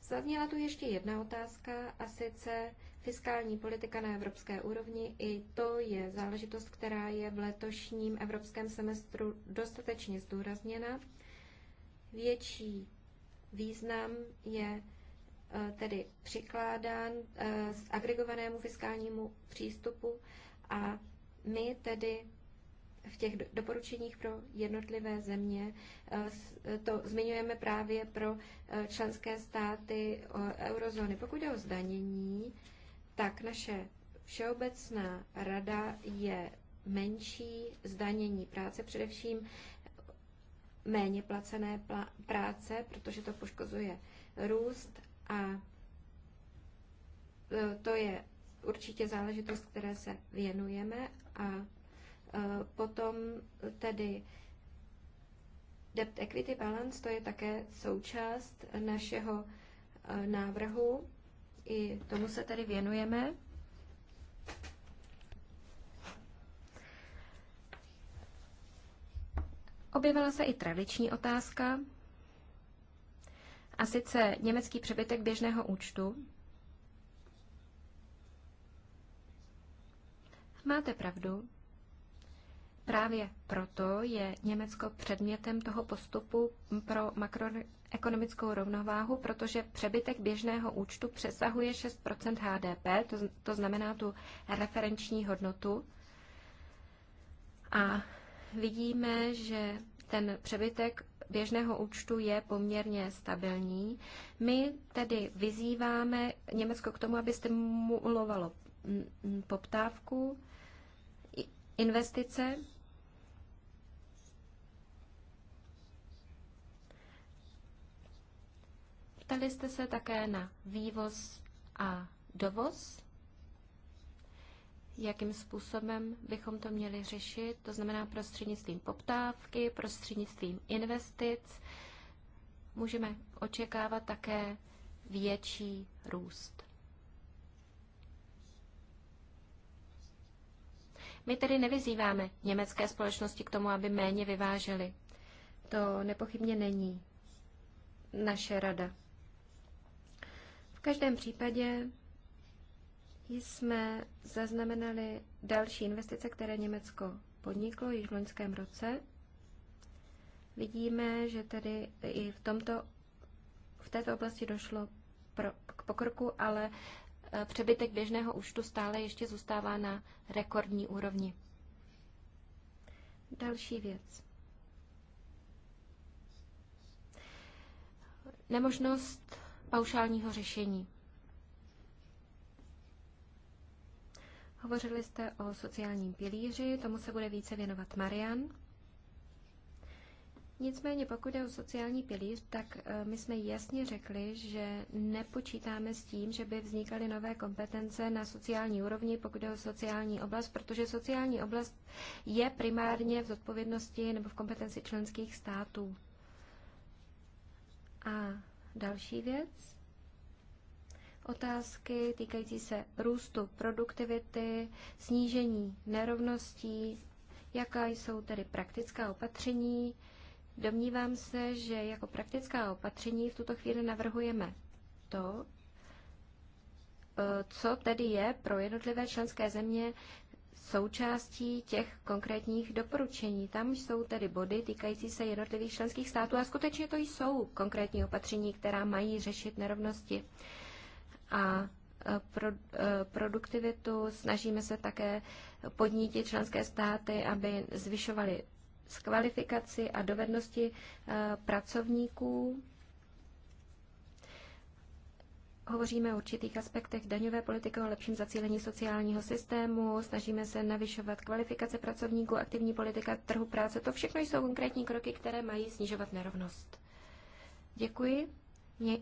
Zazněla tu ještě jedna otázka a sice fiskální politika na evropské úrovni. I to je záležitost, která je v letošním evropském semestru dostatečně zdůrazněna. Větší význam je e, tedy přikládán z e, agregovanému fiskálnímu přístupu a my tedy v těch doporučeních pro jednotlivé země eh, eh, to zmiňujeme právě pro eh, členské státy eurozóny. Pokud jde o zdanění, tak naše všeobecná rada je menší zdanění práce, především méně placené práce, protože to poškozuje růst a to je určitě záležitost, které se věnujeme a e, potom tedy debt equity balance, to je také součást našeho e, návrhu. I tomu se tedy věnujeme. Objevila se i tradiční otázka, a sice německý přebytek běžného účtu. Máte pravdu. Právě proto je Německo předmětem toho postupu pro makroekonomickou rovnováhu, protože přebytek běžného účtu přesahuje 6 HDP, to, znamená tu referenční hodnotu. A vidíme, že ten přebytek běžného účtu je poměrně stabilní. My tedy vyzýváme Německo k tomu, aby stimulovalo poptávku, investice. Ptali jste se také na vývoz a dovoz, jakým způsobem bychom to měli řešit, to znamená prostřednictvím poptávky, prostřednictvím investic. Můžeme očekávat také větší růst. My tedy nevyzýváme německé společnosti k tomu, aby méně vyvážely. To nepochybně není naše rada. V každém případě jsme zaznamenali další investice, které Německo podniklo již v loňském roce. Vidíme, že tedy i v, tomto, v této oblasti došlo pro, k pokroku, ale přebytek běžného účtu stále ještě zůstává na rekordní úrovni. Další věc. Nemožnost paušálního řešení. Hovořili jste o sociálním pilíři, tomu se bude více věnovat Marian. Nicméně pokud je o sociální pilíř, tak eh, my jsme jasně řekli, že nepočítáme s tím, že by vznikaly nové kompetence na sociální úrovni, pokud je o sociální oblast, protože sociální oblast je primárně v zodpovědnosti nebo v kompetenci členských států. A další věc. Otázky týkající se růstu produktivity, snížení nerovností, jaká jsou tedy praktická opatření, Domnívám se, že jako praktická opatření v tuto chvíli navrhujeme to, eh, co tedy je pro jednotlivé členské země součástí těch konkrétních doporučení. Tam jsou tedy body týkající se jednotlivých členských států a skutečně to jsou konkrétní opatření, která mají řešit nerovnosti. A eh, pro, eh, produktivitu snažíme se také podnítit členské státy, aby zvyšovaly s kvalifikaci a dovednosti eh, pracovníků. Hovoříme o určitých aspektech daňové politiky, o lepším zacílení sociálního systému, snažíme se navyšovat kvalifikace pracovníků, aktivní politika trhu práce. To všechno jsou konkrétní kroky, které mají snižovat nerovnost. Děkuji.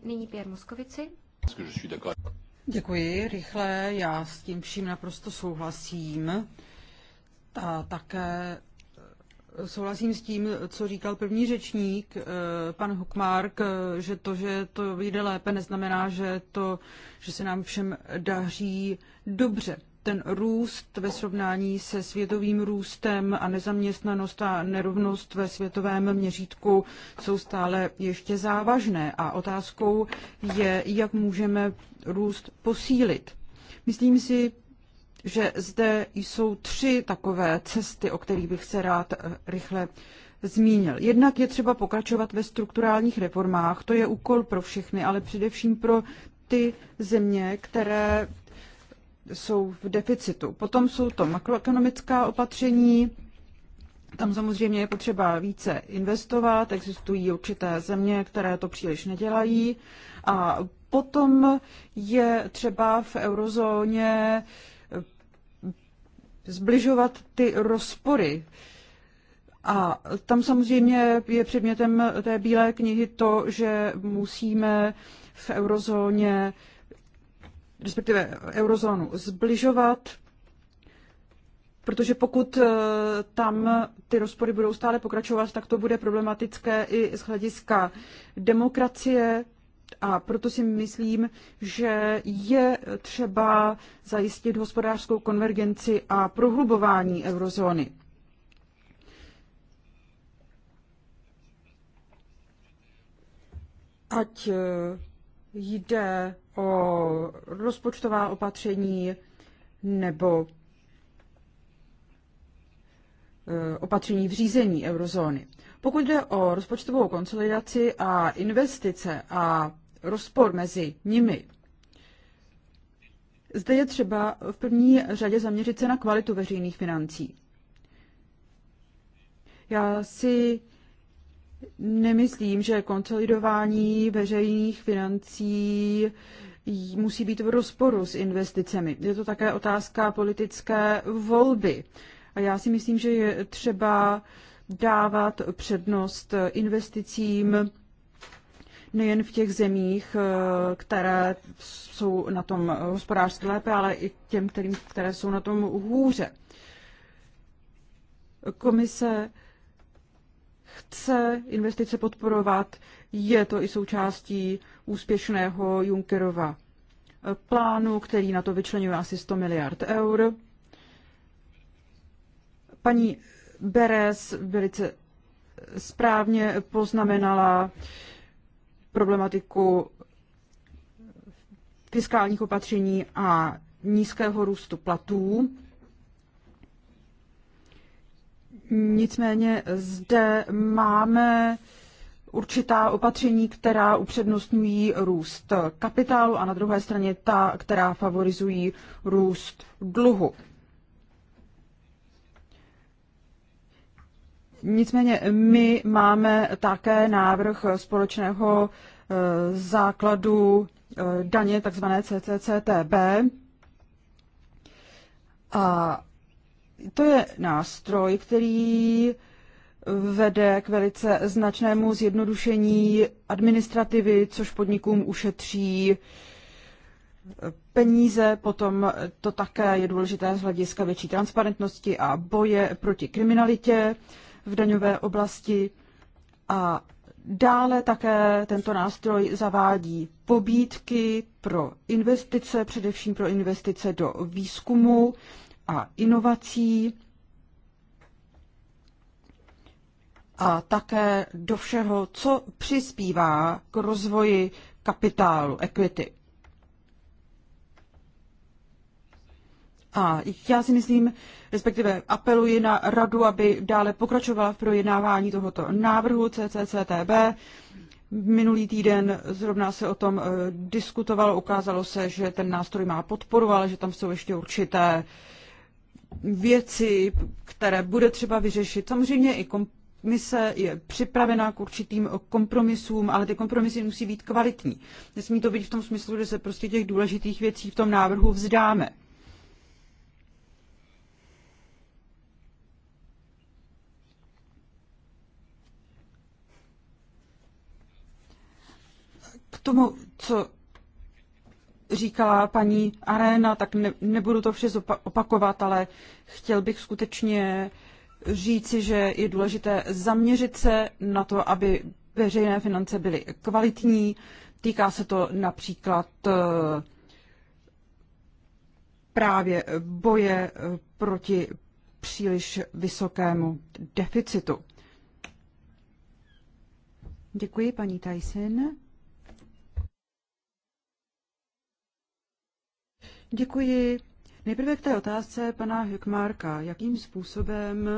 Nyní Pierre Moskovici. Děkuji, rychle, já s tím vším naprosto souhlasím. A také souhlasím s tím, co říkal první řečník, eh, pan Hukmark, že to, že to vyjde lépe, neznamená, že, to, že se nám všem daří dobře. Ten růst ve srovnání se světovým růstem a nezaměstnanost a nerovnost ve světovém měřítku jsou stále ještě závažné a otázkou je, jak můžeme růst posílit. Myslím si, že zde jsou tři takové cesty, o kterých bych se rád eh, rychle zmínil. Jednak je třeba pokračovat ve strukturálních reformách, to je úkol pro všechny, ale především pro ty země, které jsou v deficitu. Potom jsou to makroekonomická opatření, tam samozřejmě je potřeba více investovat, existují určité země, které to příliš nedělají. A potom je třeba v eurozóně zbližovat ty rozpory. A tam samozřejmě je předmětem té bílé knihy to, že musíme v eurozóně, respektive eurozónu zbližovat, protože pokud eh, tam ty rozpory budou stále pokračovat, tak to bude problematické i z hlediska demokracie, a proto si myslím, že je třeba zajistit hospodářskou konvergenci a prohlubování eurozóny. Ať eh, jde o rozpočtová opatření nebo eh, opatření v řízení eurozóny. Pokud jde o rozpočtovou konsolidaci a investice a rozpor mezi nimi. Zde je třeba v první řadě zaměřit se na kvalitu veřejných financí. Já si nemyslím, že konsolidování veřejných financí musí být v rozporu s investicemi. Je to také otázka politické volby. A já si myslím, že je třeba dávat přednost investicím nejen v těch zemích, eh, které jsou na tom hospodářsky lépe, ale i těm, kterým, které jsou na tom hůře. Komise chce investice podporovat, je to i součástí úspěšného Junckerova plánu, který na to vyčlenuje asi 100 miliard eur. Paní Beres velice správně poznamenala, problematiku fiskálních opatření a nízkého růstu platů. Nicméně zde máme určitá opatření, která upřednostňují růst kapitálu a na druhé straně ta, která favorizují růst dluhu. Nicméně my máme také návrh společného eh, základu eh, daně, takzvané CCCTB. A to je nástroj, který vede k velice značnému zjednodušení administrativy, což podnikům ušetří eh, peníze, potom to také je důležité z hlediska větší transparentnosti a boje proti kriminalitě v daňové oblasti a Dále také tento nástroj zavádí pobídky pro investice, především pro investice do výzkumu a inovací a také do všeho, co přispívá k rozvoji kapitálu, equity. A já si myslím, respektive apeluji na radu, aby dále pokračovala v projednávání tohoto návrhu CCCTB. Minulý týden zrovna se o tom eh, diskutovalo, ukázalo se, že ten nástroj má podporu, ale že tam jsou ještě určité věci, které bude třeba vyřešit. Samozřejmě i komise je připravená k určitým kompromisům, ale ty kompromisy musí být kvalitní. Nesmí to být v tom smyslu, že se prostě těch důležitých věcí v tom návrhu vzdáme. K tomu, co říkala paní Arena, tak ne, nebudu to vše opakovat, ale chtěl bych skutečně říci, že je důležité zaměřit se na to, aby veřejné finance byly kvalitní. Týká se to například eh, právě boje eh, proti příliš vysokému deficitu. Děkuji, paní Tyson. Děkuji. Nejprve k té otázce pana Hükmárka. Jakým způsobem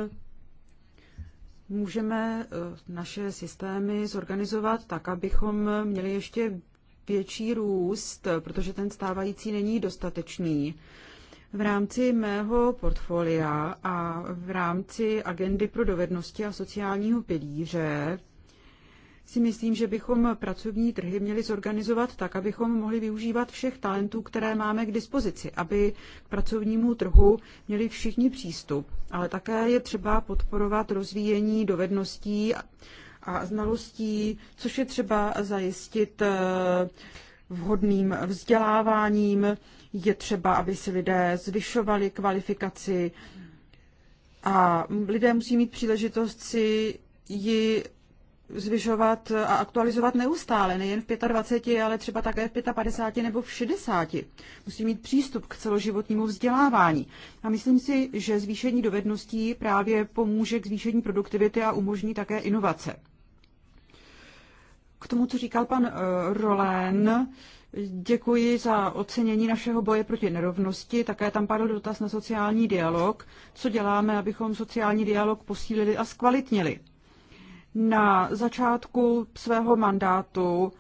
můžeme eh, naše systémy zorganizovat tak, abychom měli ještě větší růst, protože ten stávající není dostatečný. V rámci mého portfolia a v rámci agendy pro dovednosti a sociálního pilíře si myslím, že bychom pracovní trhy měli zorganizovat tak, abychom mohli využívat všech talentů, které máme k dispozici, aby k pracovnímu trhu měli všichni přístup. Ale také je třeba podporovat rozvíjení dovedností a znalostí, což je třeba zajistit eh, vhodným vzděláváním, je třeba, aby si lidé zvyšovali kvalifikaci a lidé musí mít příležitost si ji zvyšovat a aktualizovat neustále, nejen v 25, ale třeba také v 55 nebo v 60. Musí mít přístup k celoživotnímu vzdělávání. A myslím si, že zvýšení dovedností právě pomůže k zvýšení produktivity a umožní také inovace. K tomu, co říkal pan eh, Rolén, Děkuji za ocenění našeho boje proti nerovnosti. Také tam padl dotaz na sociální dialog. Co děláme, abychom sociální dialog posílili a zkvalitnili? Na začátku svého mandátu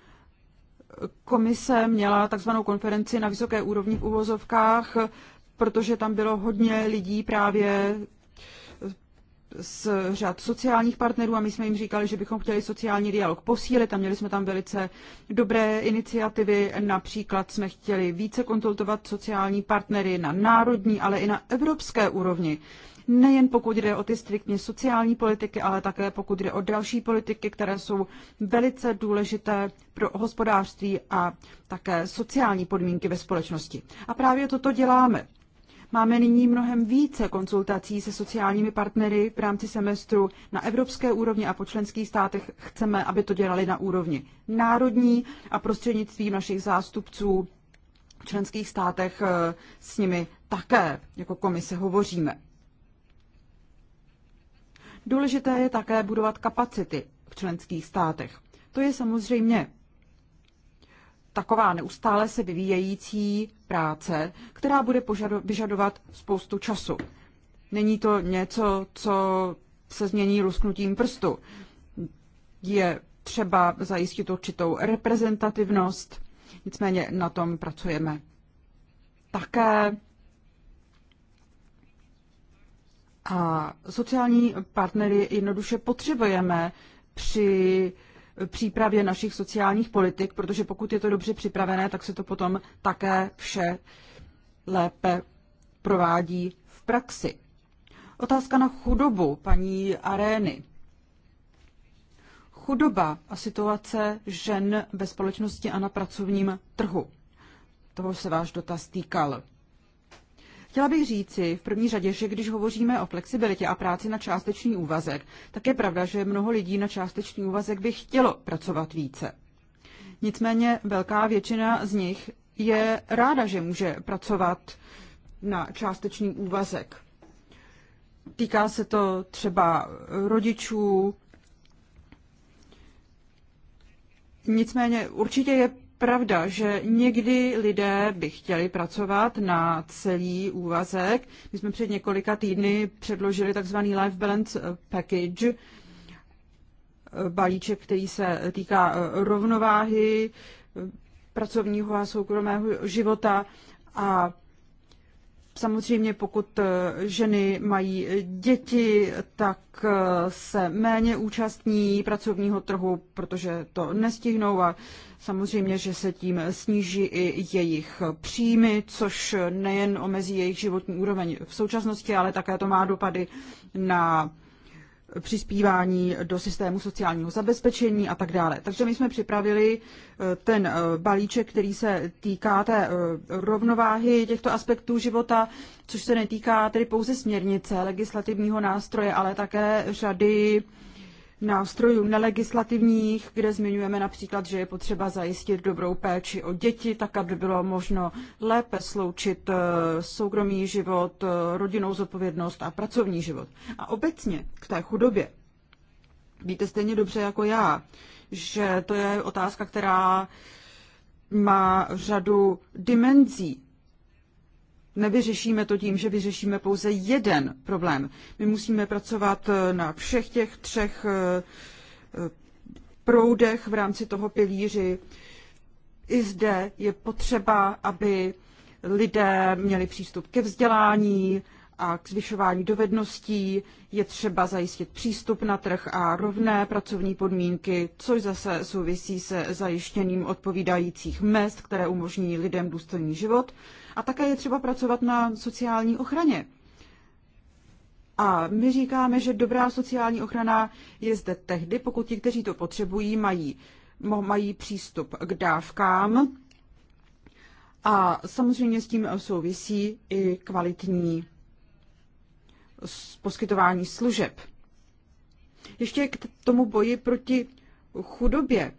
komise měla takzvanou konferenci na vysoké úrovni v uvozovkách, protože tam bylo hodně lidí právě z řad sociálních partnerů a my jsme jim říkali, že bychom chtěli sociální dialog posílit a měli jsme tam velice dobré iniciativy. Například jsme chtěli více konzultovat sociální partnery na národní, ale i na evropské úrovni nejen pokud jde o ty striktně sociální politiky, ale také pokud jde o další politiky, které jsou velice důležité pro hospodářství a také sociální podmínky ve společnosti. A právě toto děláme. Máme nyní mnohem více konzultací se sociálními partnery v rámci semestru na evropské úrovni a po členských státech chceme, aby to dělali na úrovni národní a prostřednictvím našich zástupců v členských státech eh, s nimi také jako komise hovoříme. Důležité je také budovat kapacity v členských státech. To je samozřejmě taková neustále se vyvíjející práce, která bude požado- vyžadovat spoustu času. Není to něco, co se změní lusknutím prstu. Je třeba zajistit určitou reprezentativnost, nicméně na tom pracujeme také. A sociální partnery jednoduše potřebujeme při přípravě našich sociálních politik, protože pokud je to dobře připravené, tak se to potom také vše lépe provádí v praxi. Otázka na chudobu paní Arény. Chudoba a situace žen ve společnosti a na pracovním trhu. Toho se váš dotaz týkal. Chtěla bych říci v první řadě, že když hovoříme o flexibilitě a práci na částečný úvazek, tak je pravda, že mnoho lidí na částečný úvazek by chtělo pracovat více. Nicméně velká většina z nich je ráda, že může pracovat na částečný úvazek. Týká se to třeba rodičů. Nicméně určitě je pravda, že někdy lidé by chtěli pracovat na celý úvazek. My jsme před několika týdny předložili takzvaný Life Balance Package, balíček, který se týká e, rovnováhy e, pracovního a soukromého života a Samozřejmě, pokud eh, ženy mají eh, děti, tak eh, se méně účastní pracovního trhu, protože to nestihnou a samozřejmě, že se tím sníží i jejich příjmy, což nejen omezí jejich životní úroveň v současnosti, ale také to má dopady na přispívání do systému sociálního zabezpečení a tak dále. Takže my jsme připravili eh, ten eh, balíček, který se týká té eh, rovnováhy těchto aspektů života, což se netýká tedy pouze směrnice legislativního nástroje, ale také řady nástrojů nelegislativních, kde zmiňujeme například, že je potřeba zajistit dobrou péči o děti, tak aby bylo možno lépe sloučit eh, soukromý život, eh, rodinnou zodpovědnost a pracovní život. A obecně k té chudobě. Víte stejně dobře jako já, že to je otázka, která má řadu dimenzí. Nevyřešíme to tím, že vyřešíme pouze jeden problém. My musíme pracovat eh, na všech těch třech eh, eh, proudech v rámci toho pilíři. I zde je potřeba, aby lidé měli přístup ke vzdělání, a k zvyšování dovedností je třeba zajistit přístup na trh a rovné pracovní podmínky, což zase souvisí se zajištěním odpovídajících mest, které umožní lidem důstojný život. A také je třeba pracovat na sociální ochraně. A my říkáme, že dobrá sociální ochrana je zde tehdy, pokud ti, kteří to potřebují, mají, mají přístup k dávkám. A samozřejmě s tím souvisí i kvalitní poskytování služeb. Ještě k tomu boji proti chudobě.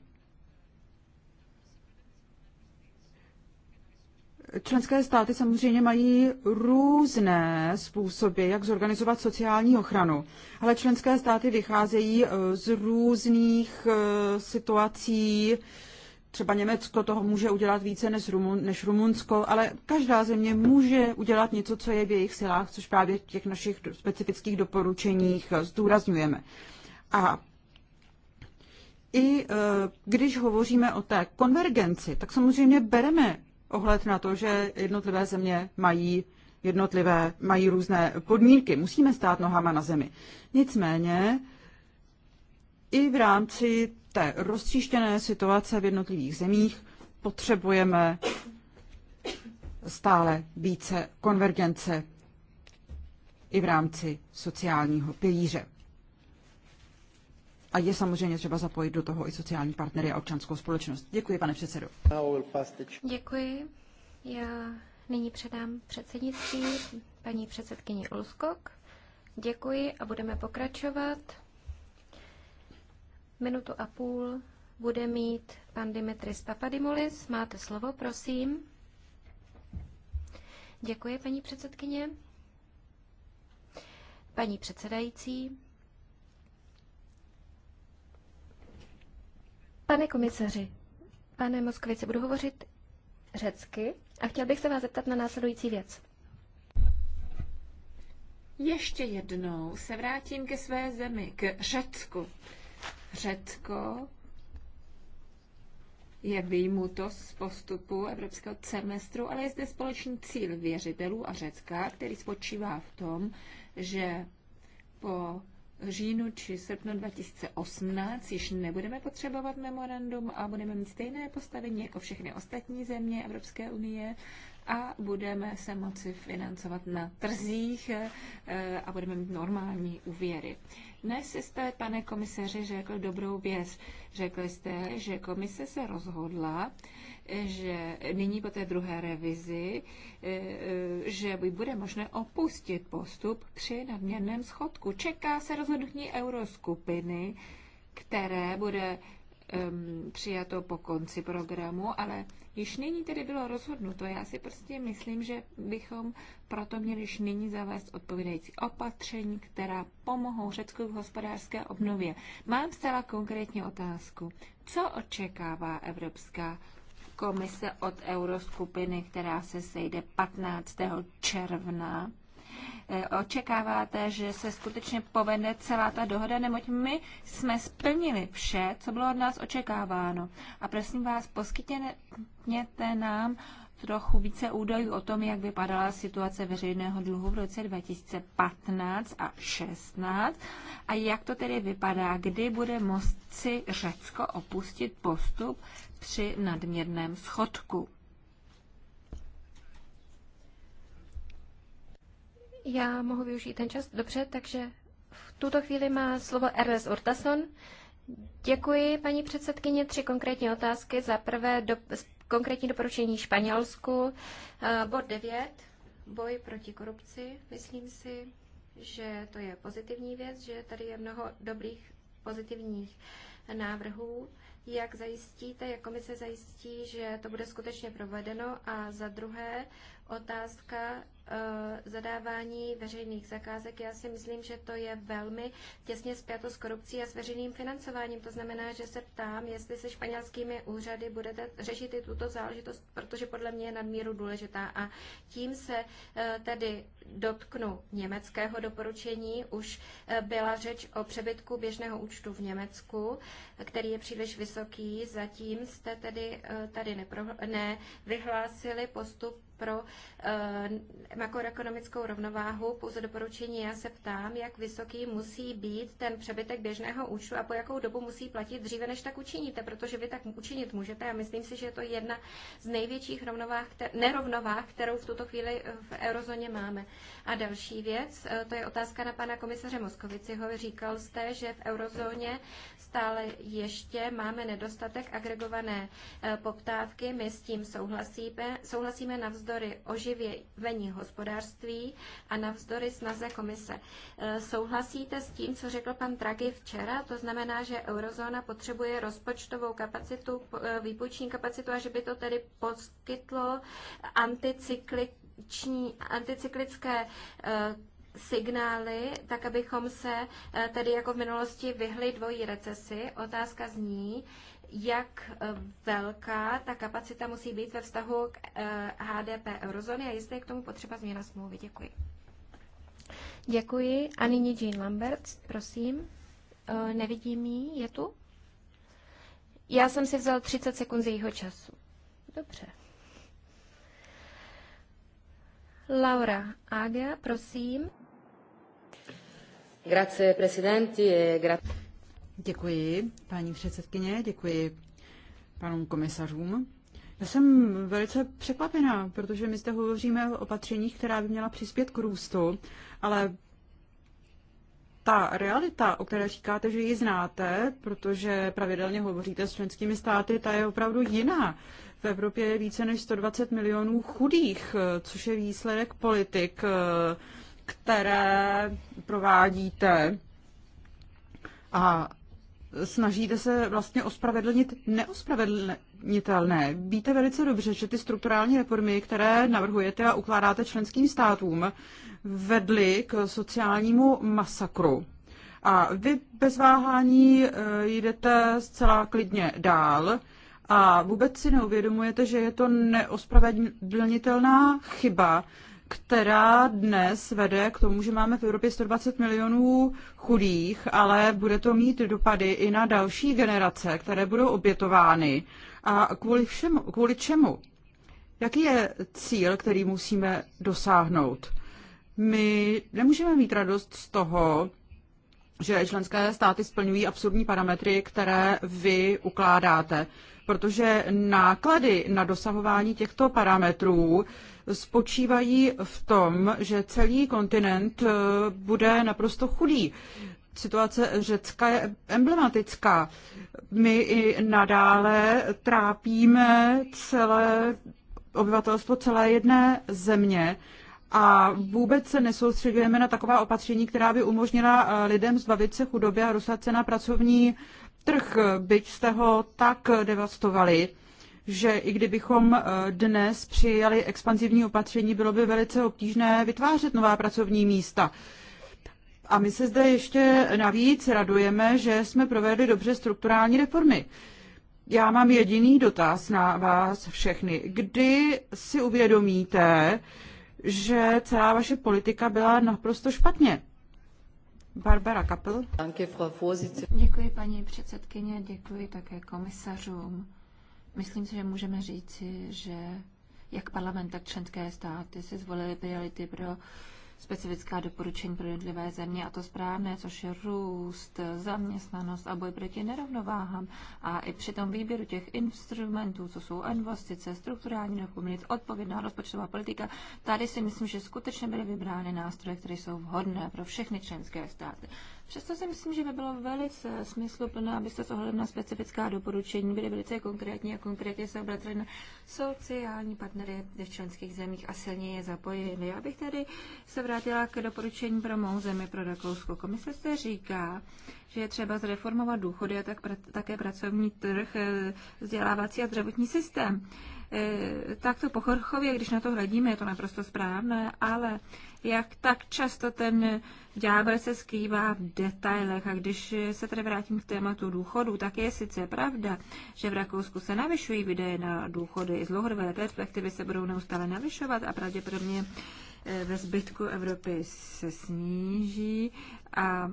Členské státy samozřejmě mají různé způsoby, jak zorganizovat sociální ochranu, ale členské státy vycházejí eh, z různých eh, situací, třeba Německo toho může udělat více než, Rumun, než Rumunsko, ale každá země může udělat něco, co je v jejich silách, což právě v těch našich specifických doporučeních eh, zdůrazňujeme. A i eh, když hovoříme o té konvergenci, tak samozřejmě bereme ohled na to, že jednotlivé země mají jednotlivé, mají různé podmínky. Musíme stát nohama na zemi. Nicméně i v rámci té roztříštěné situace v jednotlivých zemích potřebujeme stále více konvergence i v rámci sociálního pilíře. A je samozřejmě třeba zapojit do toho i sociální partnery a občanskou společnost. Děkuji, pane předsedo. Děkuji. Já nyní předám předsednictví paní předsedkyni Ulskok. Děkuji a budeme pokračovat. Minutu a půl bude mít pan Dimitris Papadimulis. Máte slovo, prosím. Děkuji, paní předsedkyně. Paní předsedající, pane komisaři, pane Moskvice, budu hovořit řecky a chtěl bych se vás zeptat na následující věc. Ještě jednou se vrátím ke své zemi, k Řecku. Řecko je vyjmuto z postupu evropského semestru, ale je zde společný cíl věřitelů a Řecka, který spočívá v tom, že po říjnu či srpnu 2018 již nebudeme potřebovat memorandum a budeme mít stejné postavení jako všechny ostatní země Evropské unie, a budeme se moci financovat na trzích eh, a budeme mít normální úvěry. Dnes jste, pane komisaři, řekl dobrou věc. Řekli jste, že komise se rozhodla, že nyní po té druhé revizi, eh, eh, že by bude možné opustit postup při nadměrném schodku. Čeká se rozhodnutí euroskupiny, které bude um, přijato po konci programu, ale již nyní tedy bylo rozhodnuto. Já si prostě myslím, že bychom proto měli již nyní zavést odpovídající opatření, která pomohou Řecku v hospodářské obnově. Mám zcela konkrétně otázku. Co očekává Evropská komise od euroskupiny, která se sejde 15. června Eh, očekáváte, že se skutečně povede celá ta dohoda, neboť my jsme splnili vše, co bylo od nás očekáváno. A prosím vás, poskytněte nám trochu více údajů o tom, jak vypadala situace veřejného dluhu v roce 2015 a 16 a jak to tedy vypadá, kdy bude moci Řecko opustit postup při nadměrném schodku. Já mohu využít ten čas? Dobře, takže v tuto chvíli má slovo Erles Urtason. Děkuji, paní předsedkyně. Tři konkrétní otázky. Za prvé do, konkrétní doporučení Španělsku. Eh, bod 9, boj proti korupci. Myslím si, že to je pozitivní věc, že tady je mnoho dobrých pozitivních návrhů. Jak zajistíte, jak komise zajistí, že to bude skutečně provedeno? A za druhé, Otázka eh, zadávání veřejných zakázek. Já si myslím, že to je velmi těsně spjato s korupcí a s veřejným financováním. To znamená, že se ptám, jestli se španělskými úřady budete řešit i tuto záležitost, protože podle mě je nadmíru důležitá. A tím se eh, tedy dotknu německého doporučení. Už eh, byla řeč o přebytku běžného účtu v Německu, který je příliš vysoký. Zatím jste tedy tady nevyhlásili postup pro eh, makroekonomickou rovnováhu pouze doporučení. Já se ptám, jak vysoký musí být ten přebytek běžného účtu a po jakou dobu musí platit dříve, než tak učiníte, protože vy tak učinit můžete a myslím si, že je to jedna z největších rovnováh, kter- nerovnováh, kterou v tuto chvíli eh, v eurozóně máme. A další věc, eh, to je otázka na pana komisaře Moskoviciho. Říkal jste, že v eurozóně stále ještě máme nedostatek agregované eh, poptávky. My s tím souhlasíme, souhlasíme navzdory oživění hospodářství a navzdory snaze komise. Eh, souhlasíte s tím, co řekl pan Draghi včera? To znamená, že eurozóna potřebuje rozpočtovou kapacitu, eh, výpůjční kapacitu a že by to tedy poskytlo anticyklik, anticyklické signály, tak abychom se eh, tedy jako v minulosti vyhli dvojí recesi. Otázka zní, jak eh, velká ta kapacita musí být ve vztahu k HDP eh, eurozóny a jestli je k tomu potřeba změna smlouvy. Děkuji. Děkuji. A nyní Jean Lambert, prosím. Nevidím ji, je tu? Já jsem si vzal 30 sekund z jejího času. Dobře. Laura Aga, prosím. E děkuji, paní předsedkyně, děkuji panům komisařům. Já jsem velice překvapená, protože my zde hovoříme o opatřeních, která by měla přispět k růstu, ale ta realita, o které říkáte, že ji znáte, protože pravidelně hovoříte s členskými státy, ta je opravdu jiná. V Evropě je více než 120 milionů chudých, což je výsledek politik, které provádíte a snažíte se vlastně ospravedlnit neospravedlnitelné. Víte velice dobře, že ty strukturální reformy, které navrhujete a ukládáte členským státům, vedly k sociálnímu masakru. A vy bez váhání eh, jdete zcela klidně dál a vůbec si neuvědomujete, že je to neospravedlnitelná chyba, která dnes vede k tomu, že máme v Evropě 120 milionů chudých, ale bude to mít dopady i na další generace, které budou obětovány. A kvůli, všemu, kvůli čemu? Jaký je cíl, který musíme dosáhnout? My nemůžeme mít radost z toho, že členské státy splňují absurdní parametry, které vy ukládáte, protože náklady na dosahování těchto parametrů spočívají v tom, že celý kontinent eh, bude naprosto chudý. Situace Řecka je emblematická. My i nadále trápíme celé obyvatelstvo celé jedné země a vůbec se nesoustředujeme na taková opatření, která by umožnila eh, lidem zbavit se chudoby a dostat se na pracovní trh, byť jste ho tak devastovali že i kdybychom eh, dnes přijali expanzivní opatření, bylo by velice obtížné vytvářet nová pracovní místa. A my se zde ještě navíc radujeme, že jsme provedli dobře strukturální reformy. Já mám jediný dotaz na vás všechny. Kdy si uvědomíte, že celá vaše politika byla naprosto špatně? Barbara Kapel. Děkuji paní předsedkyně, děkuji také komisařům. Myslím si, že můžeme říci, že jak parlament, tak členské státy si zvolili priority pro specifická doporučení pro jednotlivé země a to správné, což je růst, zaměstnanost a boj proti nerovnováhám. A i při tom výběru těch instrumentů, co jsou investice, strukturální dokument, odpovědná rozpočtová politika, tady si myslím, že skutečně byly vybrány nástroje, které jsou vhodné pro všechny členské státy. Přesto si myslím, že by bylo velice smysluplné, abyste s ohledem na specifická doporučení byly velice konkrétní a konkrétně se obratili na sociální partnery v členských zemích a silně je zapojili. Já bych tady se vrátila k doporučení pro mou zemi, pro Rakousko. Komise se říká, že je třeba zreformovat důchody a tak pr- také pracovní trh, eh, vzdělávací a zdravotní systém. E, tak to pochorchově, když na to hledíme, je to naprosto správné, ale jak tak často ten ďábel se skrývá v detailech. A když se tedy vrátím k tématu důchodu, tak je sice pravda, že v Rakousku se navyšují videe na důchody. Z dlouhodobé perspektivy se budou neustále navyšovat a pravděpodobně eh, ve zbytku Evropy se sníží a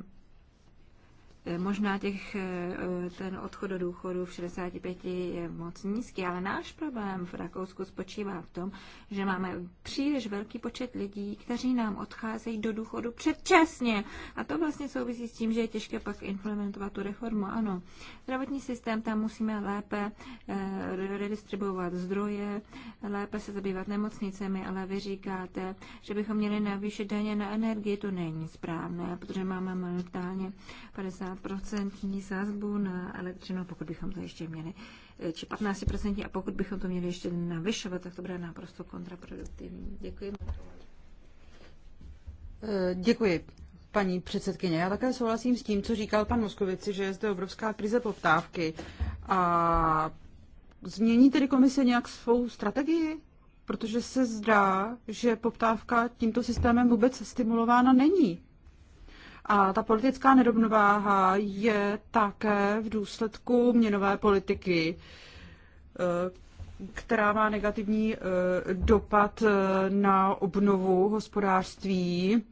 Možná těch, eh, ten odchod do důchodu v 65 je moc nízký, ale náš problém v Rakousku spočívá v tom, že máme příliš velký počet lidí, kteří nám odcházejí do důchodu předčasně. A to vlastně souvisí s tím, že je těžké pak implementovat tu reformu. Ano, zdravotní systém, tam musíme lépe eh, redistribuovat zdroje, lépe se zabývat nemocnicemi, ale vy říkáte, že bychom měli navýšit daně na energii, to není správné, protože máme momentálně 50 procentní sazbu na elektřinu, pokud bychom to ještě měli, eh, či 15% a pokud bychom to měli ještě navyšovat, tak to bude naprosto kontraproduktivní. Děkuji. Eh, děkuji. Paní předsedkyně, já také souhlasím s tím, co říkal pan Moskovici, že je zde obrovská krize poptávky. A změní tedy komise nějak svou strategii? Protože se zdá, že poptávka tímto systémem vůbec stimulována není. A ta politická nerovnováha je také v důsledku měnové politiky, eh, která má negativní eh, dopad eh, na obnovu hospodářství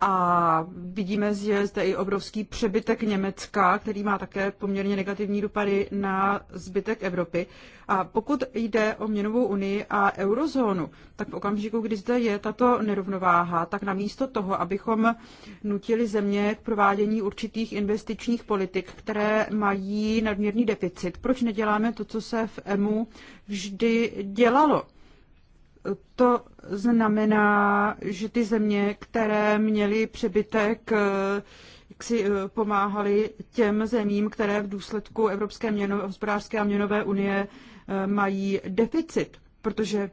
a vidíme, že je zde i obrovský přebytek Německa, který má také poměrně negativní dopady na zbytek Evropy. A pokud jde o měnovou unii a eurozónu, tak v okamžiku, kdy zde je tato nerovnováha, tak namísto toho, abychom nutili země k provádění určitých investičních politik, které mají nadměrný deficit, proč neděláme to, co se v EMU vždy dělalo? to znamená, že ty země, které měly přebytek, eh, jak si eh, pomáhali těm zemím, které v důsledku Evropské měnové, hospodářské a měnové unie eh, mají deficit, protože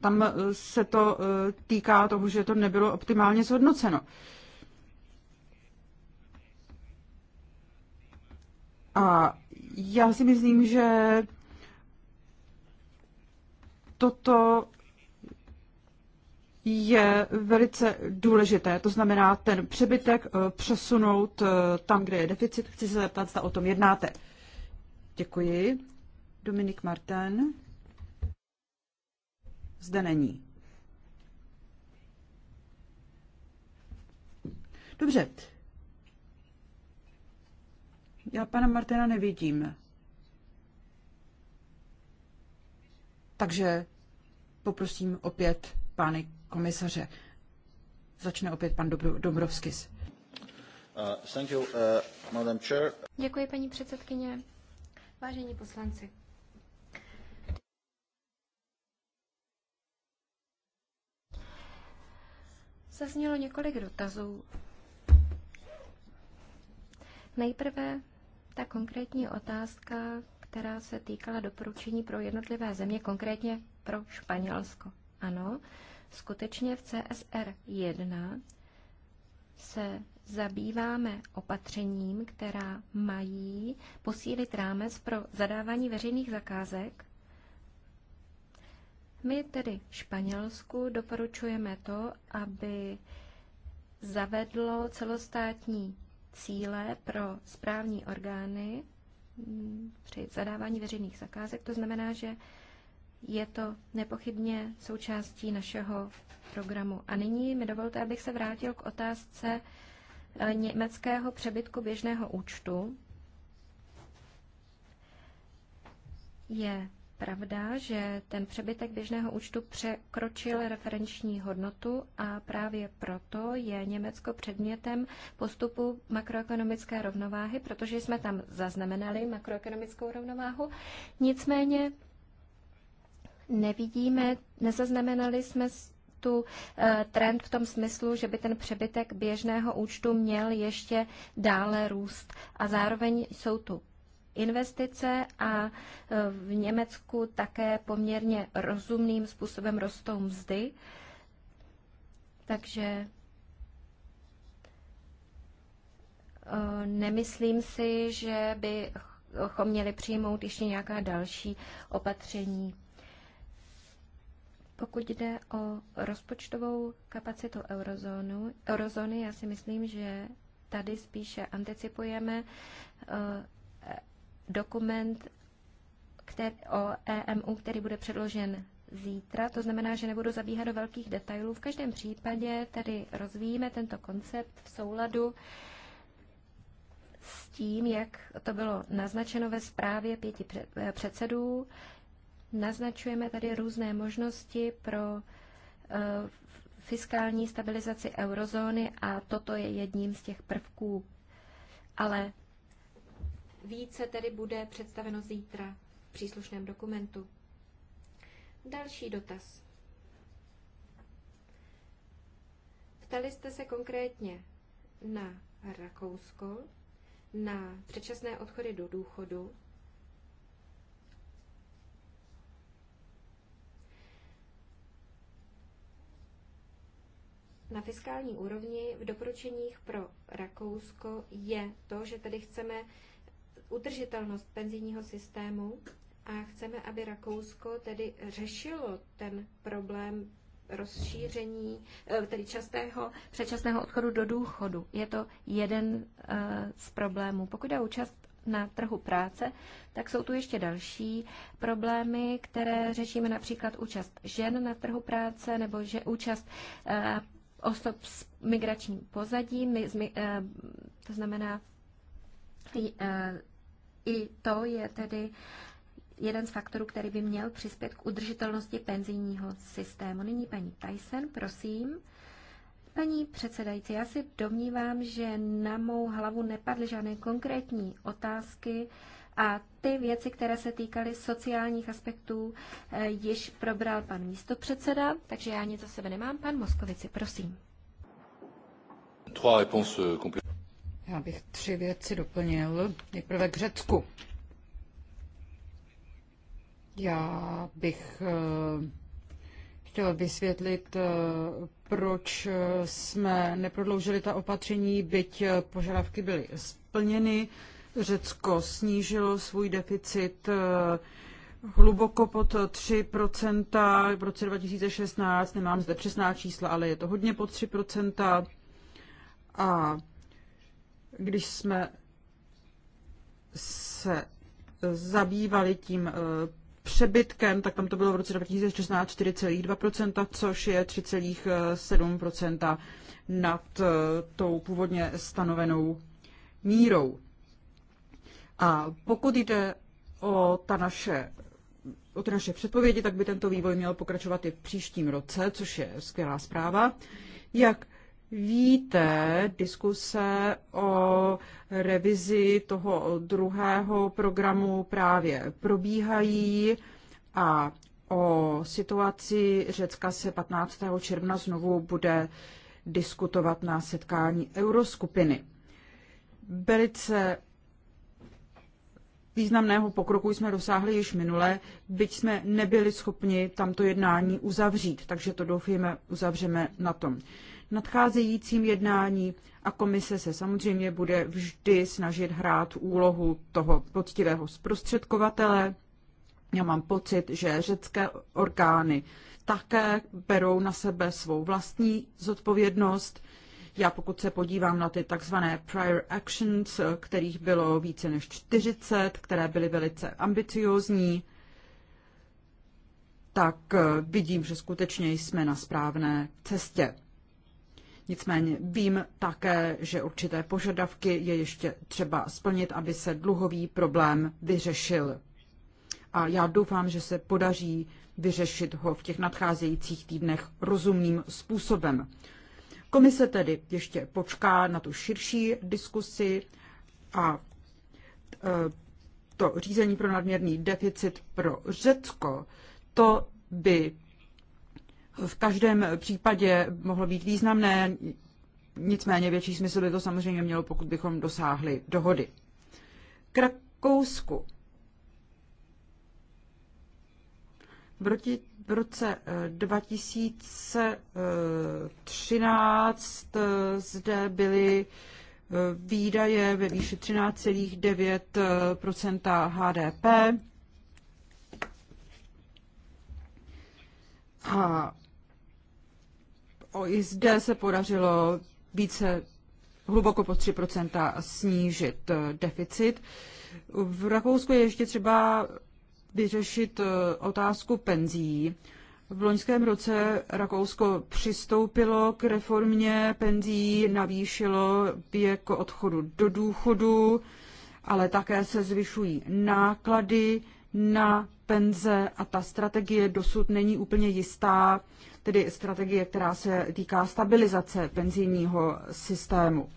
tam se to týká toho, že to nebylo optimálně zhodnoceno. A já si myslím, že toto je velice důležité. To znamená ten přebytek eh, přesunout eh, tam, kde je deficit. Chci se zeptat, zda o tom jednáte. Děkuji. Dominik Martin. Zde není. Dobře. Já pana Martina nevidím. Takže poprosím opět pány komisaře. Začne opět pan Dobrovskis. Uh, uh, Děkuji, paní předsedkyně. Vážení poslanci. Zaznělo několik dotazů. Nejprve ta konkrétní otázka, která se týkala doporučení pro jednotlivé země, konkrétně pro Španělsko. Ano, skutečně v CSR 1 se zabýváme opatřením, která mají posílit rámec pro zadávání veřejných zakázek. My tedy Španělsku doporučujeme to, aby zavedlo celostátní cíle pro správní orgány při zadávání veřejných zakázek. To znamená, že je to nepochybně součástí našeho programu. A nyní mi dovolte, abych se vrátil k otázce eh, německého přebytku běžného účtu. Je pravda, že ten přebytek běžného účtu překročil referenční hodnotu a právě proto je Německo předmětem postupu makroekonomické rovnováhy, protože jsme tam zaznamenali makroekonomickou rovnováhu. Nicméně nevidíme, nezaznamenali jsme tu eh, trend v tom smyslu, že by ten přebytek běžného účtu měl ještě dále růst. A zároveň jsou tu investice a e, v Německu také poměrně rozumným způsobem rostou mzdy. Takže e, nemyslím si, že bychom měli přijmout ještě nějaká další opatření. Pokud jde o rozpočtovou kapacitu eurozónu, eurozóny, já si myslím, že tady spíše anticipujeme e, dokument který, o EMU, který bude předložen zítra, to znamená, že nebudu zabíhat do velkých detailů. V každém případě tady rozvíjíme tento koncept v souladu s tím, jak to bylo naznačeno ve zprávě pěti eh, předsedů. Naznačujeme tady různé možnosti pro eh, fiskální stabilizaci eurozóny a toto je jedním z těch prvků. Ale více tedy bude představeno zítra v příslušném dokumentu. Další dotaz. Ptali jste se konkrétně na Rakousko, na předčasné odchody do důchodu. Na fiskální úrovni v doporučeních pro Rakousko je to, že tedy chceme udržitelnost penzijního systému a chceme, aby Rakousko tedy řešilo ten problém rozšíření, eh, tedy častého, předčasného odchodu do důchodu. Je to jeden eh, z problémů. Pokud je účast na trhu práce, tak jsou tu ještě další problémy, které řešíme například účast žen na trhu práce nebo že účast eh, osob s migračním pozadím, to znamená i to je tedy jeden z faktorů, který by měl přispět k udržitelnosti penzijního systému. Nyní paní Tyson, prosím. Paní předsedající, já si domnívám, že na mou hlavu nepadly žádné konkrétní otázky a ty věci, které se týkaly sociálních aspektů, eh, již probral pan místopředseda, takže já nic za sebe nemám. Pan Moskovici, prosím. Euh, já bych tři věci doplnil. Nejprve k Řecku. Já bych eh, chtěla vysvětlit, eh, proč jsme neprodloužili ta opatření, byť eh, požadavky byly splněny. Řecko snížilo svůj deficit hluboko pod 3% v roce 2016, nemám zde přesná čísla, ale je to hodně pod 3%. A když jsme se zabývali tím eh, přebytkem, tak tam to bylo v roce 2016 4,2%, což je 3,7% nad eh, tou původně stanovenou mírou. A pokud jde o, ta naše, o ty naše předpovědi, tak by tento vývoj měl pokračovat i v příštím roce, což je skvělá zpráva. Jak víte, diskuse o revizi toho druhého programu právě probíhají a o situaci Řecka se 15. června znovu bude diskutovat na setkání euroskupiny. Velice významného pokroku jsme dosáhli již minule, byť jsme nebyli schopni tamto jednání uzavřít, takže to doufíme uzavřeme na tom nadcházejícím jednání a komise se samozřejmě bude vždy snažit hrát úlohu toho poctivého zprostředkovatele. Já mám pocit, že řecké orgány také berou na sebe svou vlastní zodpovědnost. Já pokud se podívám na ty takzvané prior actions, kterých bylo více než 40, které byly velice ambiciozní, tak vidím, že skutečně jsme na správné cestě. Nicméně vím také, že určité požadavky je ještě třeba splnit, aby se dluhový problém vyřešil. A já doufám, že se podaří vyřešit ho v těch nadcházejících týdnech rozumným způsobem. Komise tedy ještě počká na tu širší diskusi a e, to řízení pro nadměrný deficit pro Řecko, to by v každém případě mohlo být významné, nicméně větší smysl by to samozřejmě mělo, pokud bychom dosáhli dohody. K Rakousku. V roce 2013 eh, eh, eh, zde byly výdaje ve výši 13,9 HDP. A i zde se podařilo více hluboko po 3% snížit eh, deficit. V Rakousku je ještě třeba vyřešit eh, otázku penzí. V loňském roce Rakousko přistoupilo k reformě penzí, navýšilo věk odchodu do důchodu, ale také se zvyšují náklady na suspenze a ta strategie dosud není úplně jistá, tedy strategie, která se týká stabilizace penzijního systému.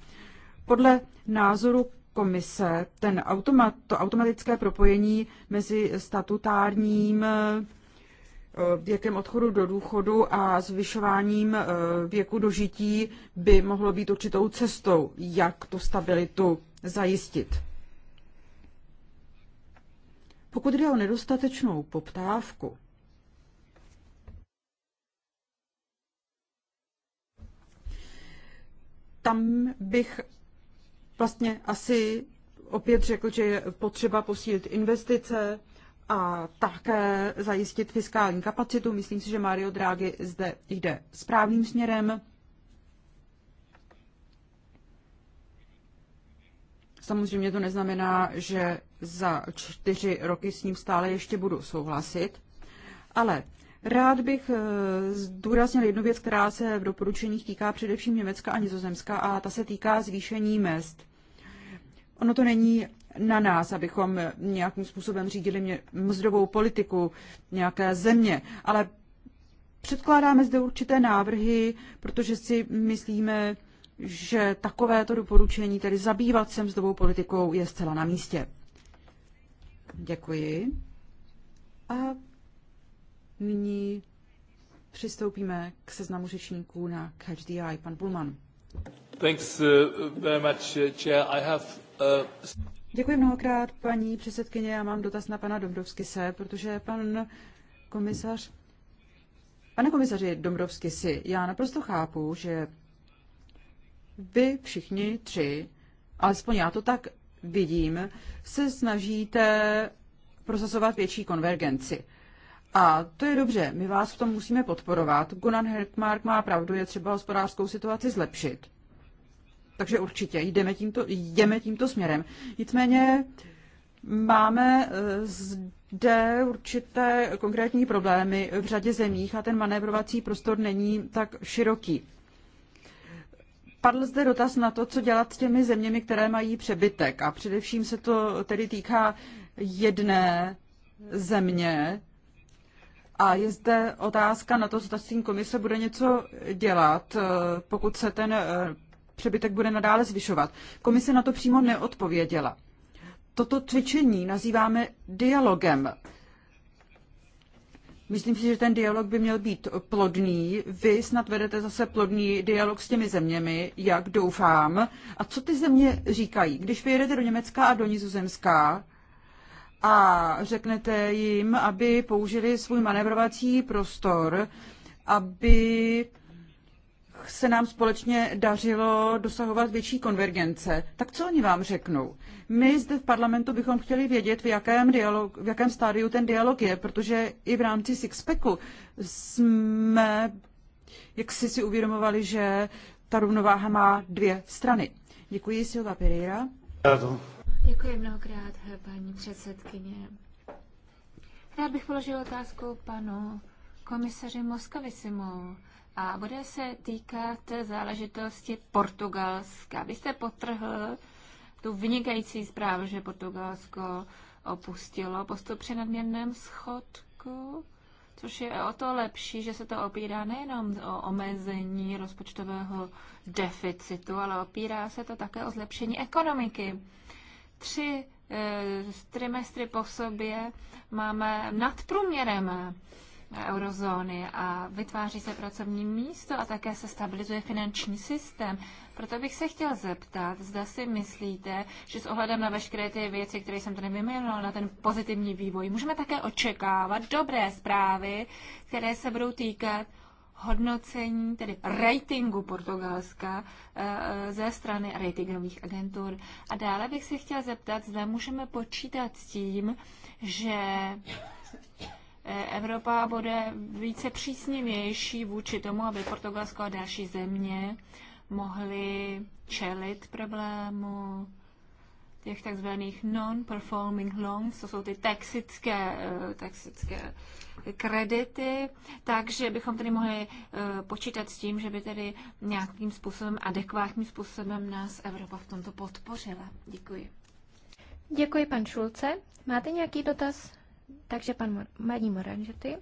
Podle názoru komise ten automat, to automatické propojení mezi statutárním eh, věkem odchodu do důchodu a zvyšováním eh, věku dožití by mohlo být určitou cestou, jak tu stabilitu zajistit. Pokud jde o nedostatečnou poptávku, tam bych vlastně asi opět řekl, že je potřeba posílit investice a také zajistit fiskální kapacitu. Myslím si, že Mario Draghi zde jde správným směrem. Samozřejmě to neznamená, že za čtyři roky s ním stále ještě budu souhlasit, ale rád bych eh, zdůraznil jednu věc, která se v doporučeních týká především Německa a Nizozemska a ta se týká zvýšení mest. Ono to není na nás, abychom nějakým způsobem řídili mzdovou politiku nějaké země, ale předkládáme zde určité návrhy, protože si myslíme, že takovéto doporučení, tedy zabývat se mzdovou politikou, je zcela na místě. Děkuji. A nyní přistoupíme k seznamu řečníků na Catch the Eye. Pan Bulman. Thanks uh, very much, uh, Chair. I have, uh... Děkuji mnohokrát, paní předsedkyně. Já mám dotaz na pana se, protože pan komisař... Pane komisaři si já naprosto chápu, že vy všichni tři, alespoň já to tak vidím, se snažíte procesovat větší konvergenci. A to je dobře, my vás v tom musíme podporovat. Gunnar Herkmark má pravdu, je třeba hospodářskou situaci zlepšit. Takže určitě jdeme tímto, jdeme tímto směrem. Nicméně máme eh, zde určité konkrétní problémy v řadě zemích a ten manévrovací prostor není tak široký. Padl zde dotaz na to, co dělat s těmi zeměmi, které mají přebytek. A především se to tedy týká jedné země. A je zde otázka na to, zda s tím komise bude něco dělat, eh, pokud se ten eh, přebytek bude nadále zvyšovat. Komise na to přímo neodpověděla. Toto cvičení nazýváme dialogem. Myslím si, že ten dialog by měl být plodný. Vy snad vedete zase plodný dialog s těmi zeměmi, jak doufám. A co ty země říkají? Když vyjedete do Německa a do Nizozemská a řeknete jim, aby použili svůj manevrovací prostor, aby se nám společně dařilo dosahovat větší konvergence. Tak co oni vám řeknou? My zde v parlamentu bychom chtěli vědět, v jakém, dialog, v jakém stádiu ten dialog je, protože i v rámci Sixpacku jsme, jak si si uvědomovali, že ta rovnováha má dvě strany. Děkuji, Silva Pereira. Děkuji mnohokrát, paní předsedkyně. Rád bych položil otázku panu komisaři Moskavisimu a bude se týkat záležitosti Portugalska. Vy jste potrhl tu vynikající zprávu, že Portugalsko opustilo postup při nadměrném schodku, což je o to lepší, že se to opírá nejenom o omezení rozpočtového deficitu, ale opírá se to také o zlepšení ekonomiky. Tři e, trimestry po sobě máme nad průměrem eurozóny a vytváří se pracovní místo a také se stabilizuje finanční systém. Proto bych se chtěl zeptat, zda si myslíte, že s ohledem na veškeré ty věci, které jsem tady vyměnila, na ten pozitivní vývoj, můžeme také očekávat dobré zprávy, které se budou týkat hodnocení, tedy ratingu Portugalska eh, eh, ze strany ratingových agentur. A dále bych se chtěl zeptat, zda můžeme počítat s tím, že Evropa bude více přísnivější vůči tomu, aby Portugalsko a další země mohly čelit problému těch takzvaných non-performing loans, to jsou ty taxické, eh, taxické kredity, takže bychom tedy mohli eh, počítat s tím, že by tedy nějakým způsobem, adekvátním způsobem nás Evropa v tomto podpořila. Děkuji. Děkuji, pan Šulce. Máte nějaký dotaz? Takže pan Maní Moranžety.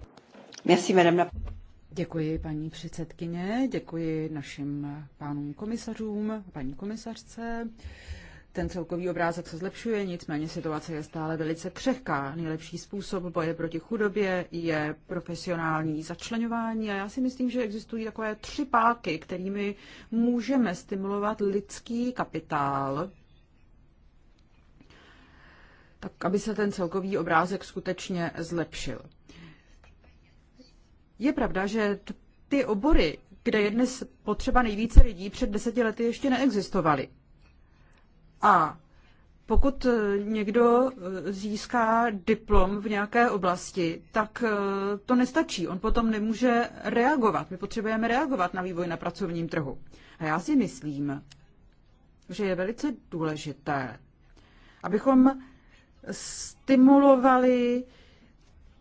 Merci, madame Děkuji paní předsedkyně, děkuji našim pánům komisařům, paní komisařce. Ten celkový obrázek se zlepšuje, nicméně situace je stále velice křehká. Nejlepší způsob boje proti chudobě je profesionální začlenování a já si myslím, že existují takové tři páky, kterými můžeme stimulovat lidský kapitál tak aby se ten celkový obrázek skutečně zlepšil. Je pravda, že ty obory, kde je dnes potřeba nejvíce lidí, před deseti lety ještě neexistovaly. A pokud e, někdo e, získá diplom v nějaké oblasti, tak e, to nestačí. On potom nemůže reagovat. My potřebujeme reagovat na vývoj na pracovním trhu. A já si myslím, že je velice důležité, abychom stimulovali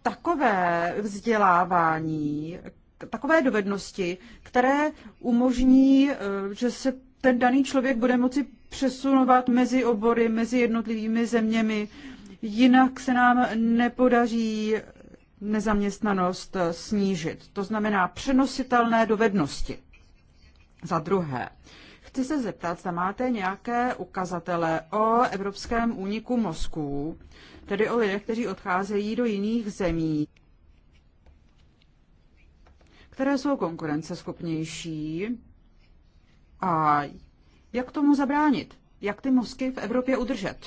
takové vzdělávání, takové dovednosti, které umožní, eh, že se ten daný člověk bude moci přesunovat mezi obory, mezi jednotlivými zeměmi. Jinak se nám nepodaří nezaměstnanost eh, snížit. To znamená přenositelné dovednosti. Za druhé, Chci se zeptat, zda máte nějaké ukazatele o evropském úniku mozků, tedy o lidech, kteří odcházejí do jiných zemí, které jsou konkurenceschopnější a jak tomu zabránit? Jak ty mozky v Evropě udržet?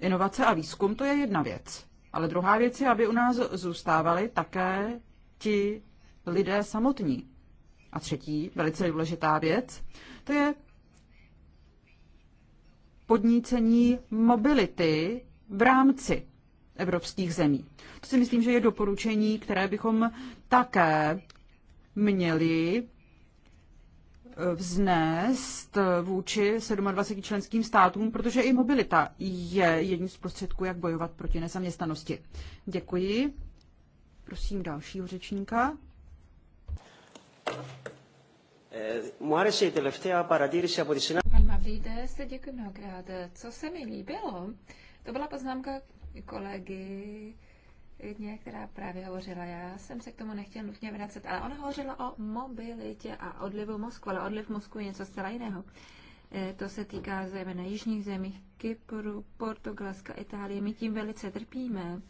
Inovace a výzkum to je jedna věc. Ale druhá věc je, aby u nás zůstávali také ti lidé samotní. A třetí velice důležitá věc, to je podnícení mobility v rámci evropských zemí. To si myslím, že je doporučení, které bychom také měli eh, vznést eh, vůči 27 členským státům, protože i mobilita je jedním z prostředků, jak bojovat proti nezaměstnanosti. Děkuji. Prosím dalšího řečníka. Μου άρεσε η τελευταία παρατήρηση από τη συνάδελφα. děkuji mnohokrát. Co se mi líbilo, to byla poznámka kolegy, která právě hovořila. Já jsem se k tomu nechtěl nutně vracet, ale ona hovořila o mobilitě a odlivu mozku, ale odliv mozku je něco zcela jiného. Eh, to se týká zejména jižních zemích, Kypru, Portugalska, Itálie. My tím velice trpíme,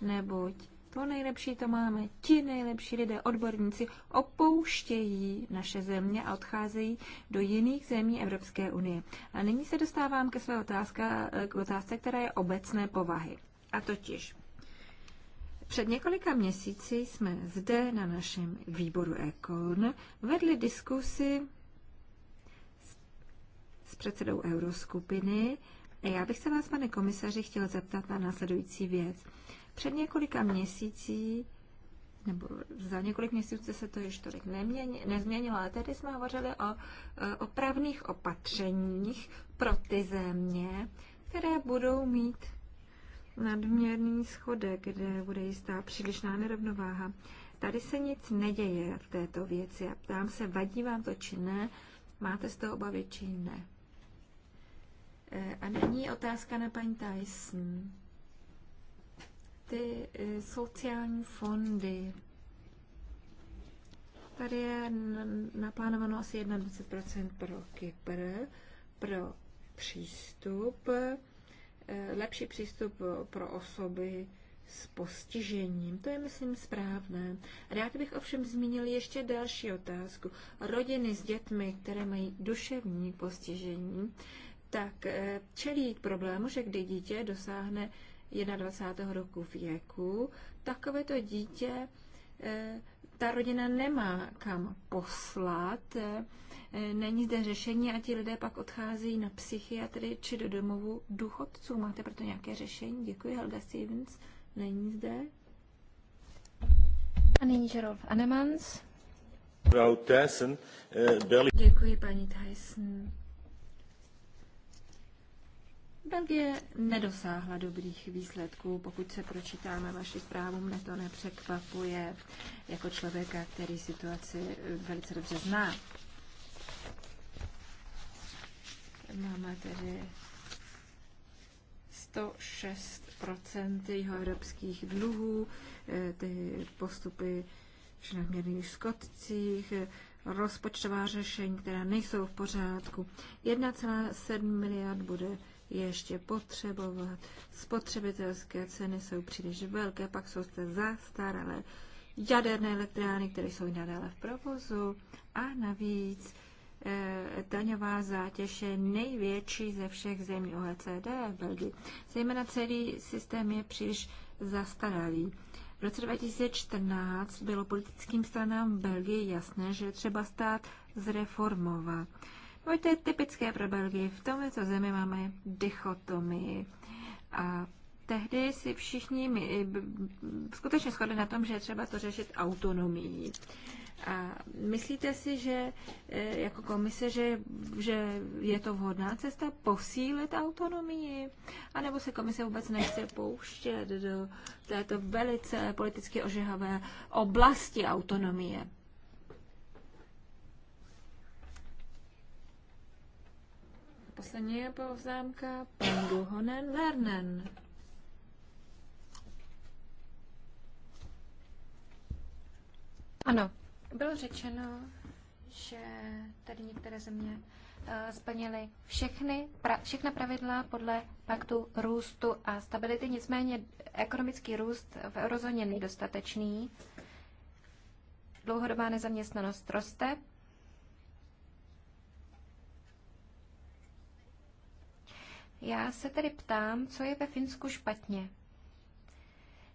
neboť to nejlepší to máme. Ti nejlepší lidé, odborníci, opouštějí naše země a odcházejí do jiných zemí Evropské unie. A nyní se dostávám ke své otázka, k otázce, která je obecné povahy. A totiž, před několika měsíci jsme zde na našem výboru EKON vedli diskusi s předsedou Euroskupiny a já bych se vás, pane komisaři, chtěl zeptat na následující věc. Před několika měsící nebo za několik měsíců se to již tolik neměni, nezměnilo, ale tady jsme hovořili o e, opravných opatřeních pro ty země, které budou mít nadměrný schodek, kde bude jistá přílišná nerovnováha. Tady se nic neděje v této věci a ptám se, vadí vám to či ne, máte z toho obavy či ne. E, a není otázka na paní Tyson ty eh, sociální fondy. Tady je naplánováno asi 21% pro Kypr, pro přístup, eh, lepší přístup pro osoby s postižením. To je, myslím, správné. Rád bych ovšem zmínil ještě další otázku. Rodiny s dětmi, které mají duševní postižení, tak eh, čelí problému, že kdy dítě dosáhne 21. roku věku, takové to dítě eh, ta rodina nemá kam poslat, eh, není zde řešení a ti lidé pak odchází na psychiatry či do domovu důchodců. Máte proto nějaké řešení? Děkuji, Helga Stevens. Není zde. A nyní Gerolf Anemans. Eh, Děkuji, paní Tyson. Belgie nedosáhla dobrých výsledků. Pokud se pročítáme vaši zprávu, mne to nepřekvapuje jako člověka, který situaci velice dobře zná. Máme tedy 106 jeho evropských dluhů, eh, ty postupy v nadměrných škodcích, rozpočtová řešení, která nejsou v pořádku. 1,7 miliard bude ještě potřebovat. Spotřebitelské ceny jsou příliš velké, pak jsou zde zastaralé jaderné elektrárny, které jsou nadále v provozu a navíc eh, daňová zátěž je největší ze všech zemí OECD v Belgii. Zejména celý systém je příliš zastaralý. V roce 2014 bylo politickým stranám v Belgii jasné, že je třeba stát zreformovat. No, to je typické pro Belgii. V tomto zemi máme dichotomii. A tehdy si všichni my, skutečně shodli na tom, že je třeba to řešit autonomií. A myslíte si, že e, jako komise, že, že je to vhodná cesta posílit autonomii? A nebo se komise vůbec nechce pouštět do této velice politicky ožehavé oblasti autonomie? poslední poznámka, pan Duhonen Lernen. Ano, bylo řečeno, že tady některé země eh, splnily všechny, pra, všechna pravidla podle paktu růstu a stability, nicméně ekonomický růst v eurozóně nedostatečný. Dlouhodobá nezaměstnanost roste, Já se tedy ptám, co je ve Finsku špatně.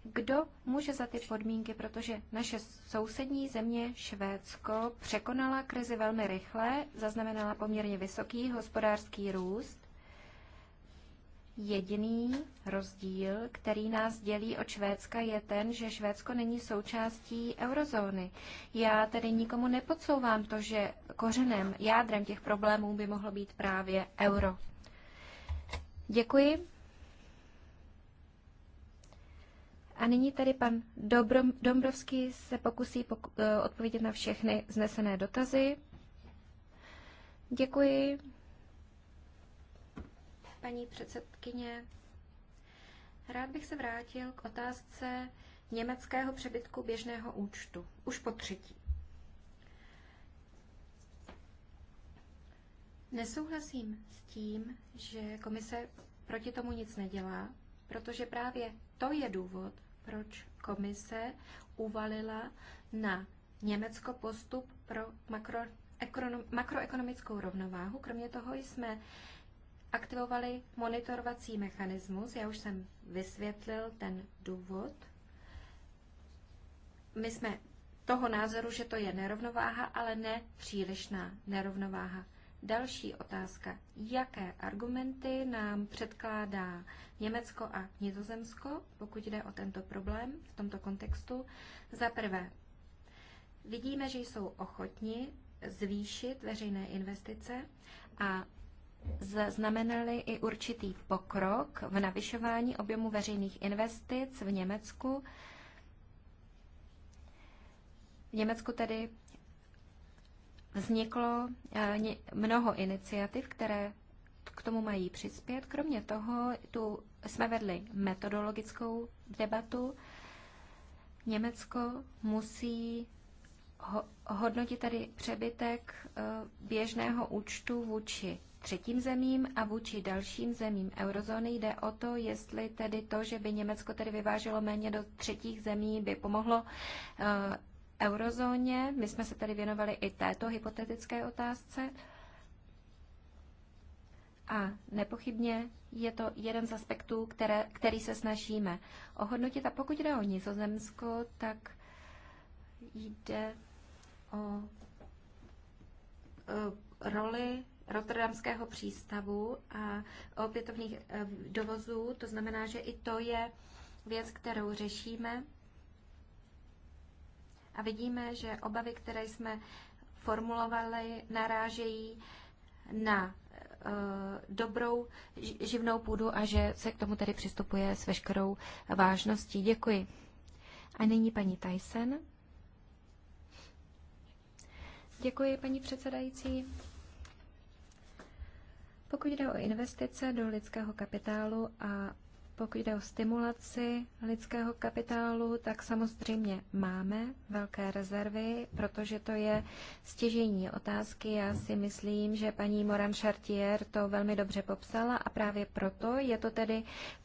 Kdo může za ty podmínky, protože naše sousední země Švédsko překonala krizi velmi rychle, zaznamenala poměrně vysoký hospodářský růst. Jediný rozdíl, který nás dělí od Švédska, je ten, že Švédsko není součástí eurozóny. Já tedy nikomu nepodsouvám to, že kořenem, jádrem těch problémů by mohlo být právě euro. Děkuji. A nyní tady pan Dobrom, Dombrovský se pokusí pok- eh, odpovědět na všechny znesené dotazy. Děkuji. Paní předsedkyně, rád bych se vrátil k otázce německého přebytku běžného účtu. Už po třetí. Nesouhlasím s tím, že komise proti tomu nic nedělá, protože právě to je důvod, proč komise uvalila na Německo postup pro makro, ekonom, makroekonomickou rovnováhu. Kromě toho jsme aktivovali monitorovací mechanismus. Já už jsem vysvětlil ten důvod. My jsme toho názoru, že to je nerovnováha, ale ne přílišná nerovnováha. Další otázka. Jaké argumenty nám předkládá Německo a Nizozemsko, pokud jde o tento problém v tomto kontextu? Za prvé, vidíme, že jsou ochotni zvýšit veřejné investice a zaznamenali i určitý pokrok v navyšování objemu veřejných investic v Německu. V Německu tedy vzniklo eh, mnoho iniciativ, které k tomu mají přispět. Kromě toho tu jsme vedli metodologickou debatu. Německo musí hodnotit tady přebytek eh, běžného účtu vůči třetím zemím a vůči dalším zemím eurozóny. Jde o to, jestli tedy to, že by Německo tedy vyváželo méně do třetích zemí, by pomohlo eh, eurozóně. My jsme se tady věnovali i této hypotetické otázce. A nepochybně je to jeden z aspektů, které, který se snažíme ohodnotit. A pokud jde o Nizozemsko, tak jde o e, roli rotterdamského přístavu a opětovných e, dovozů. To znamená, že i to je věc, kterou řešíme. A vidíme, že obavy, které jsme formulovali, narážejí na e, dobrou živnou půdu a že se k tomu tedy přistupuje s veškerou vážností. Děkuji. A nyní paní Tyson. Děkuji, paní předsedající. Pokud jde o investice do lidského kapitálu a pokud jde o stimulaci lidského kapitálu, tak samozřejmě máme velké rezervy, protože to je stěžení otázky. Já si myslím, že paní Moran Chartier to velmi dobře popsala a právě proto je to tedy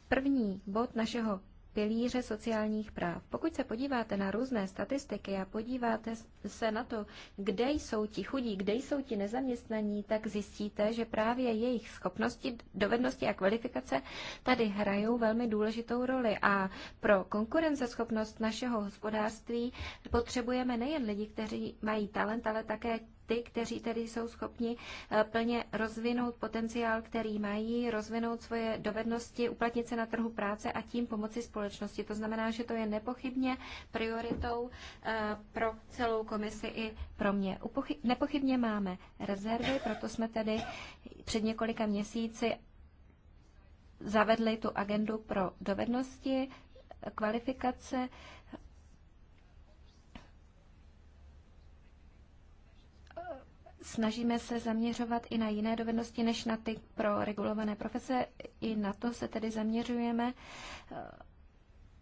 první bod našeho pilíře sociálních práv. Pokud se podíváte na různé statistiky a podíváte se na to, kde jsou ti chudí, kde jsou ti nezaměstnaní, tak zjistíte, že právě jejich schopnosti, dovednosti a kvalifikace tady hrajou velmi důležitou roli. A pro konkurenceschopnost našeho hospodářství potřebujeme nejen lidi, kteří mají talent, ale také ty, kteří tedy jsou schopni eh, plně rozvinout potenciál, který mají, rozvinout svoje dovednosti, uplatnit se na trhu práce a tím pomoci společnosti. To znamená, že to je nepochybně prioritou eh, pro celou komisi i pro mě. Nepochybně máme rezervy, proto jsme tedy před několika měsíci zavedli tu agendu pro dovednosti, kvalifikace, snažíme se zaměřovat i na jiné dovednosti než na ty pro regulované profese. I na to se tedy zaměřujeme.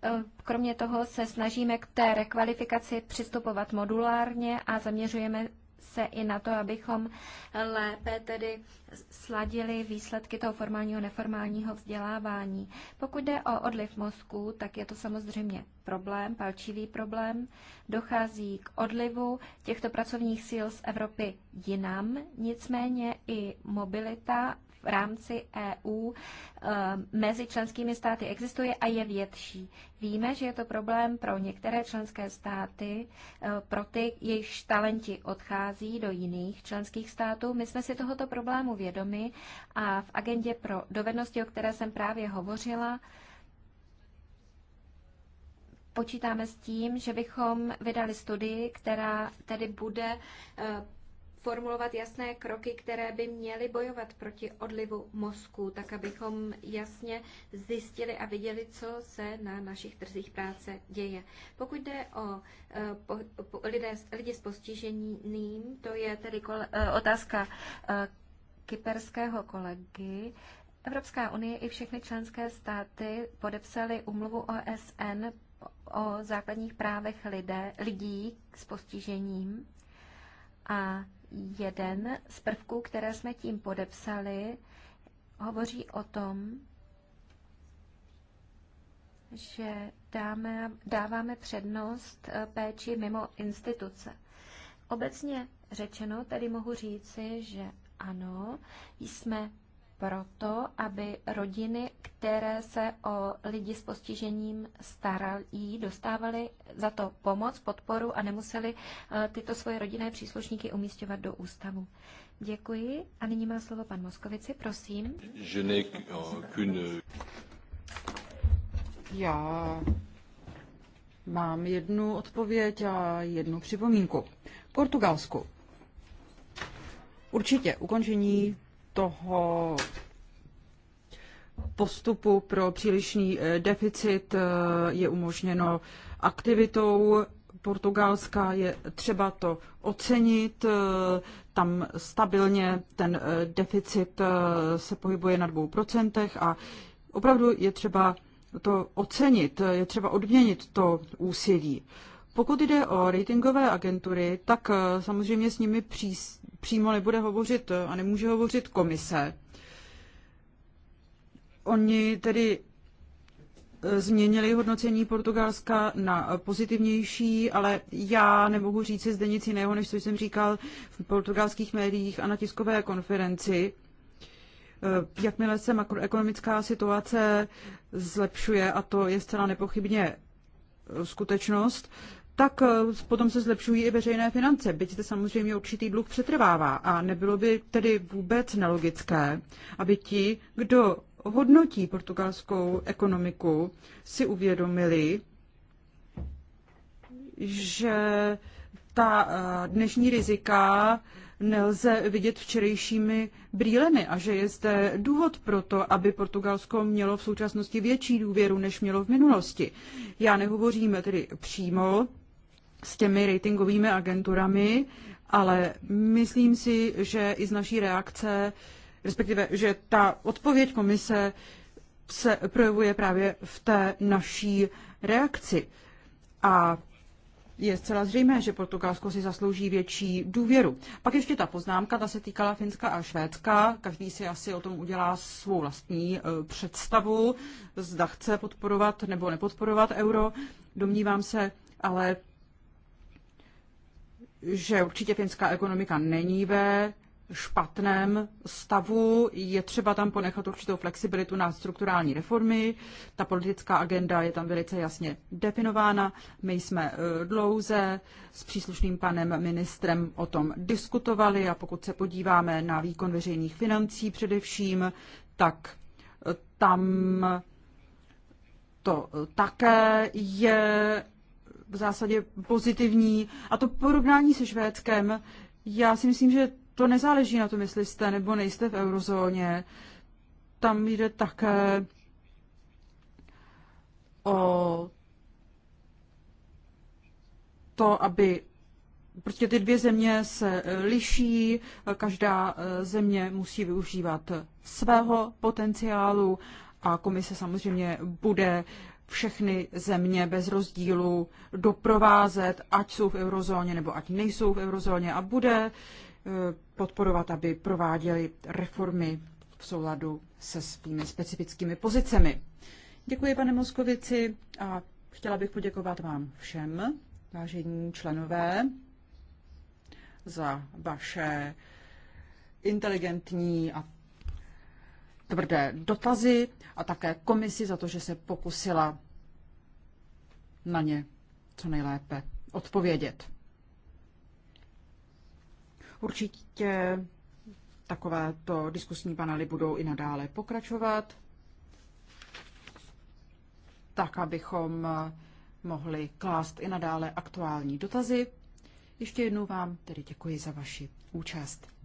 Eh, kromě toho se snažíme k té rekvalifikaci přistupovat modulárně a zaměřujeme se i na to, abychom lépe tedy sladili výsledky toho formálního neformálního vzdělávání. Pokud jde o odliv mozku, tak je to samozřejmě problém, palčivý problém. Dochází k odlivu těchto pracovních síl z Evropy jinam, nicméně i mobilita v rámci EU eh, mezi členskými státy existuje a je větší. Víme, že je to problém pro některé členské státy, eh, pro ty, jejichž talenti odchází do jiných členských států. My jsme si tohoto problému vědomi a v agendě pro dovednosti, o které jsem právě hovořila, počítáme s tím, že bychom vydali studii, která tedy bude eh, formulovat jasné kroky, které by měly bojovat proti odlivu mozku, tak abychom jasně zjistili a viděli, co se na našich trzích práce děje. Pokud jde o eh, po, po, lidé, lidi s postižením, to je tedy kole, eh, otázka eh, kyperského kolegy. Evropská unie i všechny členské státy podepsaly umluvu OSN o základních právech lidé, lidí s postižením. A jeden z prvků, které jsme tím podepsali, hovoří o tom, že dáme, dáváme přednost eh, péči mimo instituce. Obecně řečeno tedy mohu říci, že ano, jsme proto, aby rodiny, které se o lidi s postižením starají, dostávaly za to pomoc, podporu a nemuseli eh, tyto svoje rodinné příslušníky umístěvat do ústavu. Děkuji a nyní má slovo pan Moskovici, prosím. Euh, Já mám jednu odpověď a jednu připomínku. Portugalsku. Určitě ukončení toho postupu pro přílišný eh, deficit eh, je umožněno aktivitou Portugalska. Je třeba to ocenit. Eh, tam stabilně ten deficit se pohybuje na procentech a opravdu je třeba to ocenit, je třeba odměnit to úsilí. Pokud jde o ratingové agentury, tak eh, samozřejmě s nimi pří, přímo nebude hovořit eh, a nemůže hovořit komise. Oni tedy eh, změnili hodnocení Portugalska na pozitivnější, ale já nemohu říct si zde nic jiného, než co jsem říkal v portugalských médiích a na tiskové konferenci. Jakmile se makroekonomická situace zlepšuje, a to je zcela nepochybně skutečnost, tak eh, potom se zlepšují i veřejné finance, byť to samozřejmě určitý dluh přetrvává a nebylo by tedy vůbec nelogické, aby ti, kdo hodnotí portugalskou ekonomiku, si uvědomili, že ta eh, dnešní rizika nelze vidět včerejšími brýlemi a že je zde důvod pro to, aby Portugalsko mělo v současnosti větší důvěru, než mělo v minulosti. Já nehovořím tedy přímo s těmi ratingovými agenturami, ale myslím si, že i z naší reakce, respektive, že ta odpověď komise se projevuje právě v té naší reakci. A je zcela zřejmé, že Portugalsko si zaslouží větší důvěru. Pak ještě ta poznámka, ta se týkala Finska a Švédska. Každý si asi o tom udělá svou vlastní e, představu, zda chce podporovat nebo nepodporovat euro. Domnívám se ale, že určitě finská ekonomika není ve špatném stavu. Je třeba tam ponechat určitou flexibilitu na strukturální reformy. Ta politická agenda je tam velice jasně definována. My jsme eh, dlouze s příslušným panem ministrem o tom diskutovali a pokud se podíváme na výkon veřejných financí především, tak eh, tam to eh, také je v zásadě pozitivní. A to porovnání se Švédskem, já si myslím, že to nezáleží na tom, jestli jste nebo nejste v eurozóně. Tam jde také o to, aby prostě ty dvě země se liší, každá eh, země musí využívat svého potenciálu a komise samozřejmě bude všechny země bez rozdílu doprovázet, ať jsou v eurozóně nebo ať nejsou v eurozóně a bude eh, podporovat, aby prováděli reformy v souladu se svými specifickými pozicemi. Děkuji, pane Moskovici, a chtěla bych poděkovat vám všem, vážení členové, za vaše inteligentní a tvrdé dotazy a také komisi za to, že se pokusila na ně co nejlépe odpovědět. Určitě takovéto diskusní panely budou i nadále pokračovat, tak abychom mohli klást i nadále aktuální dotazy. Ještě jednou vám tedy děkuji za vaši účast.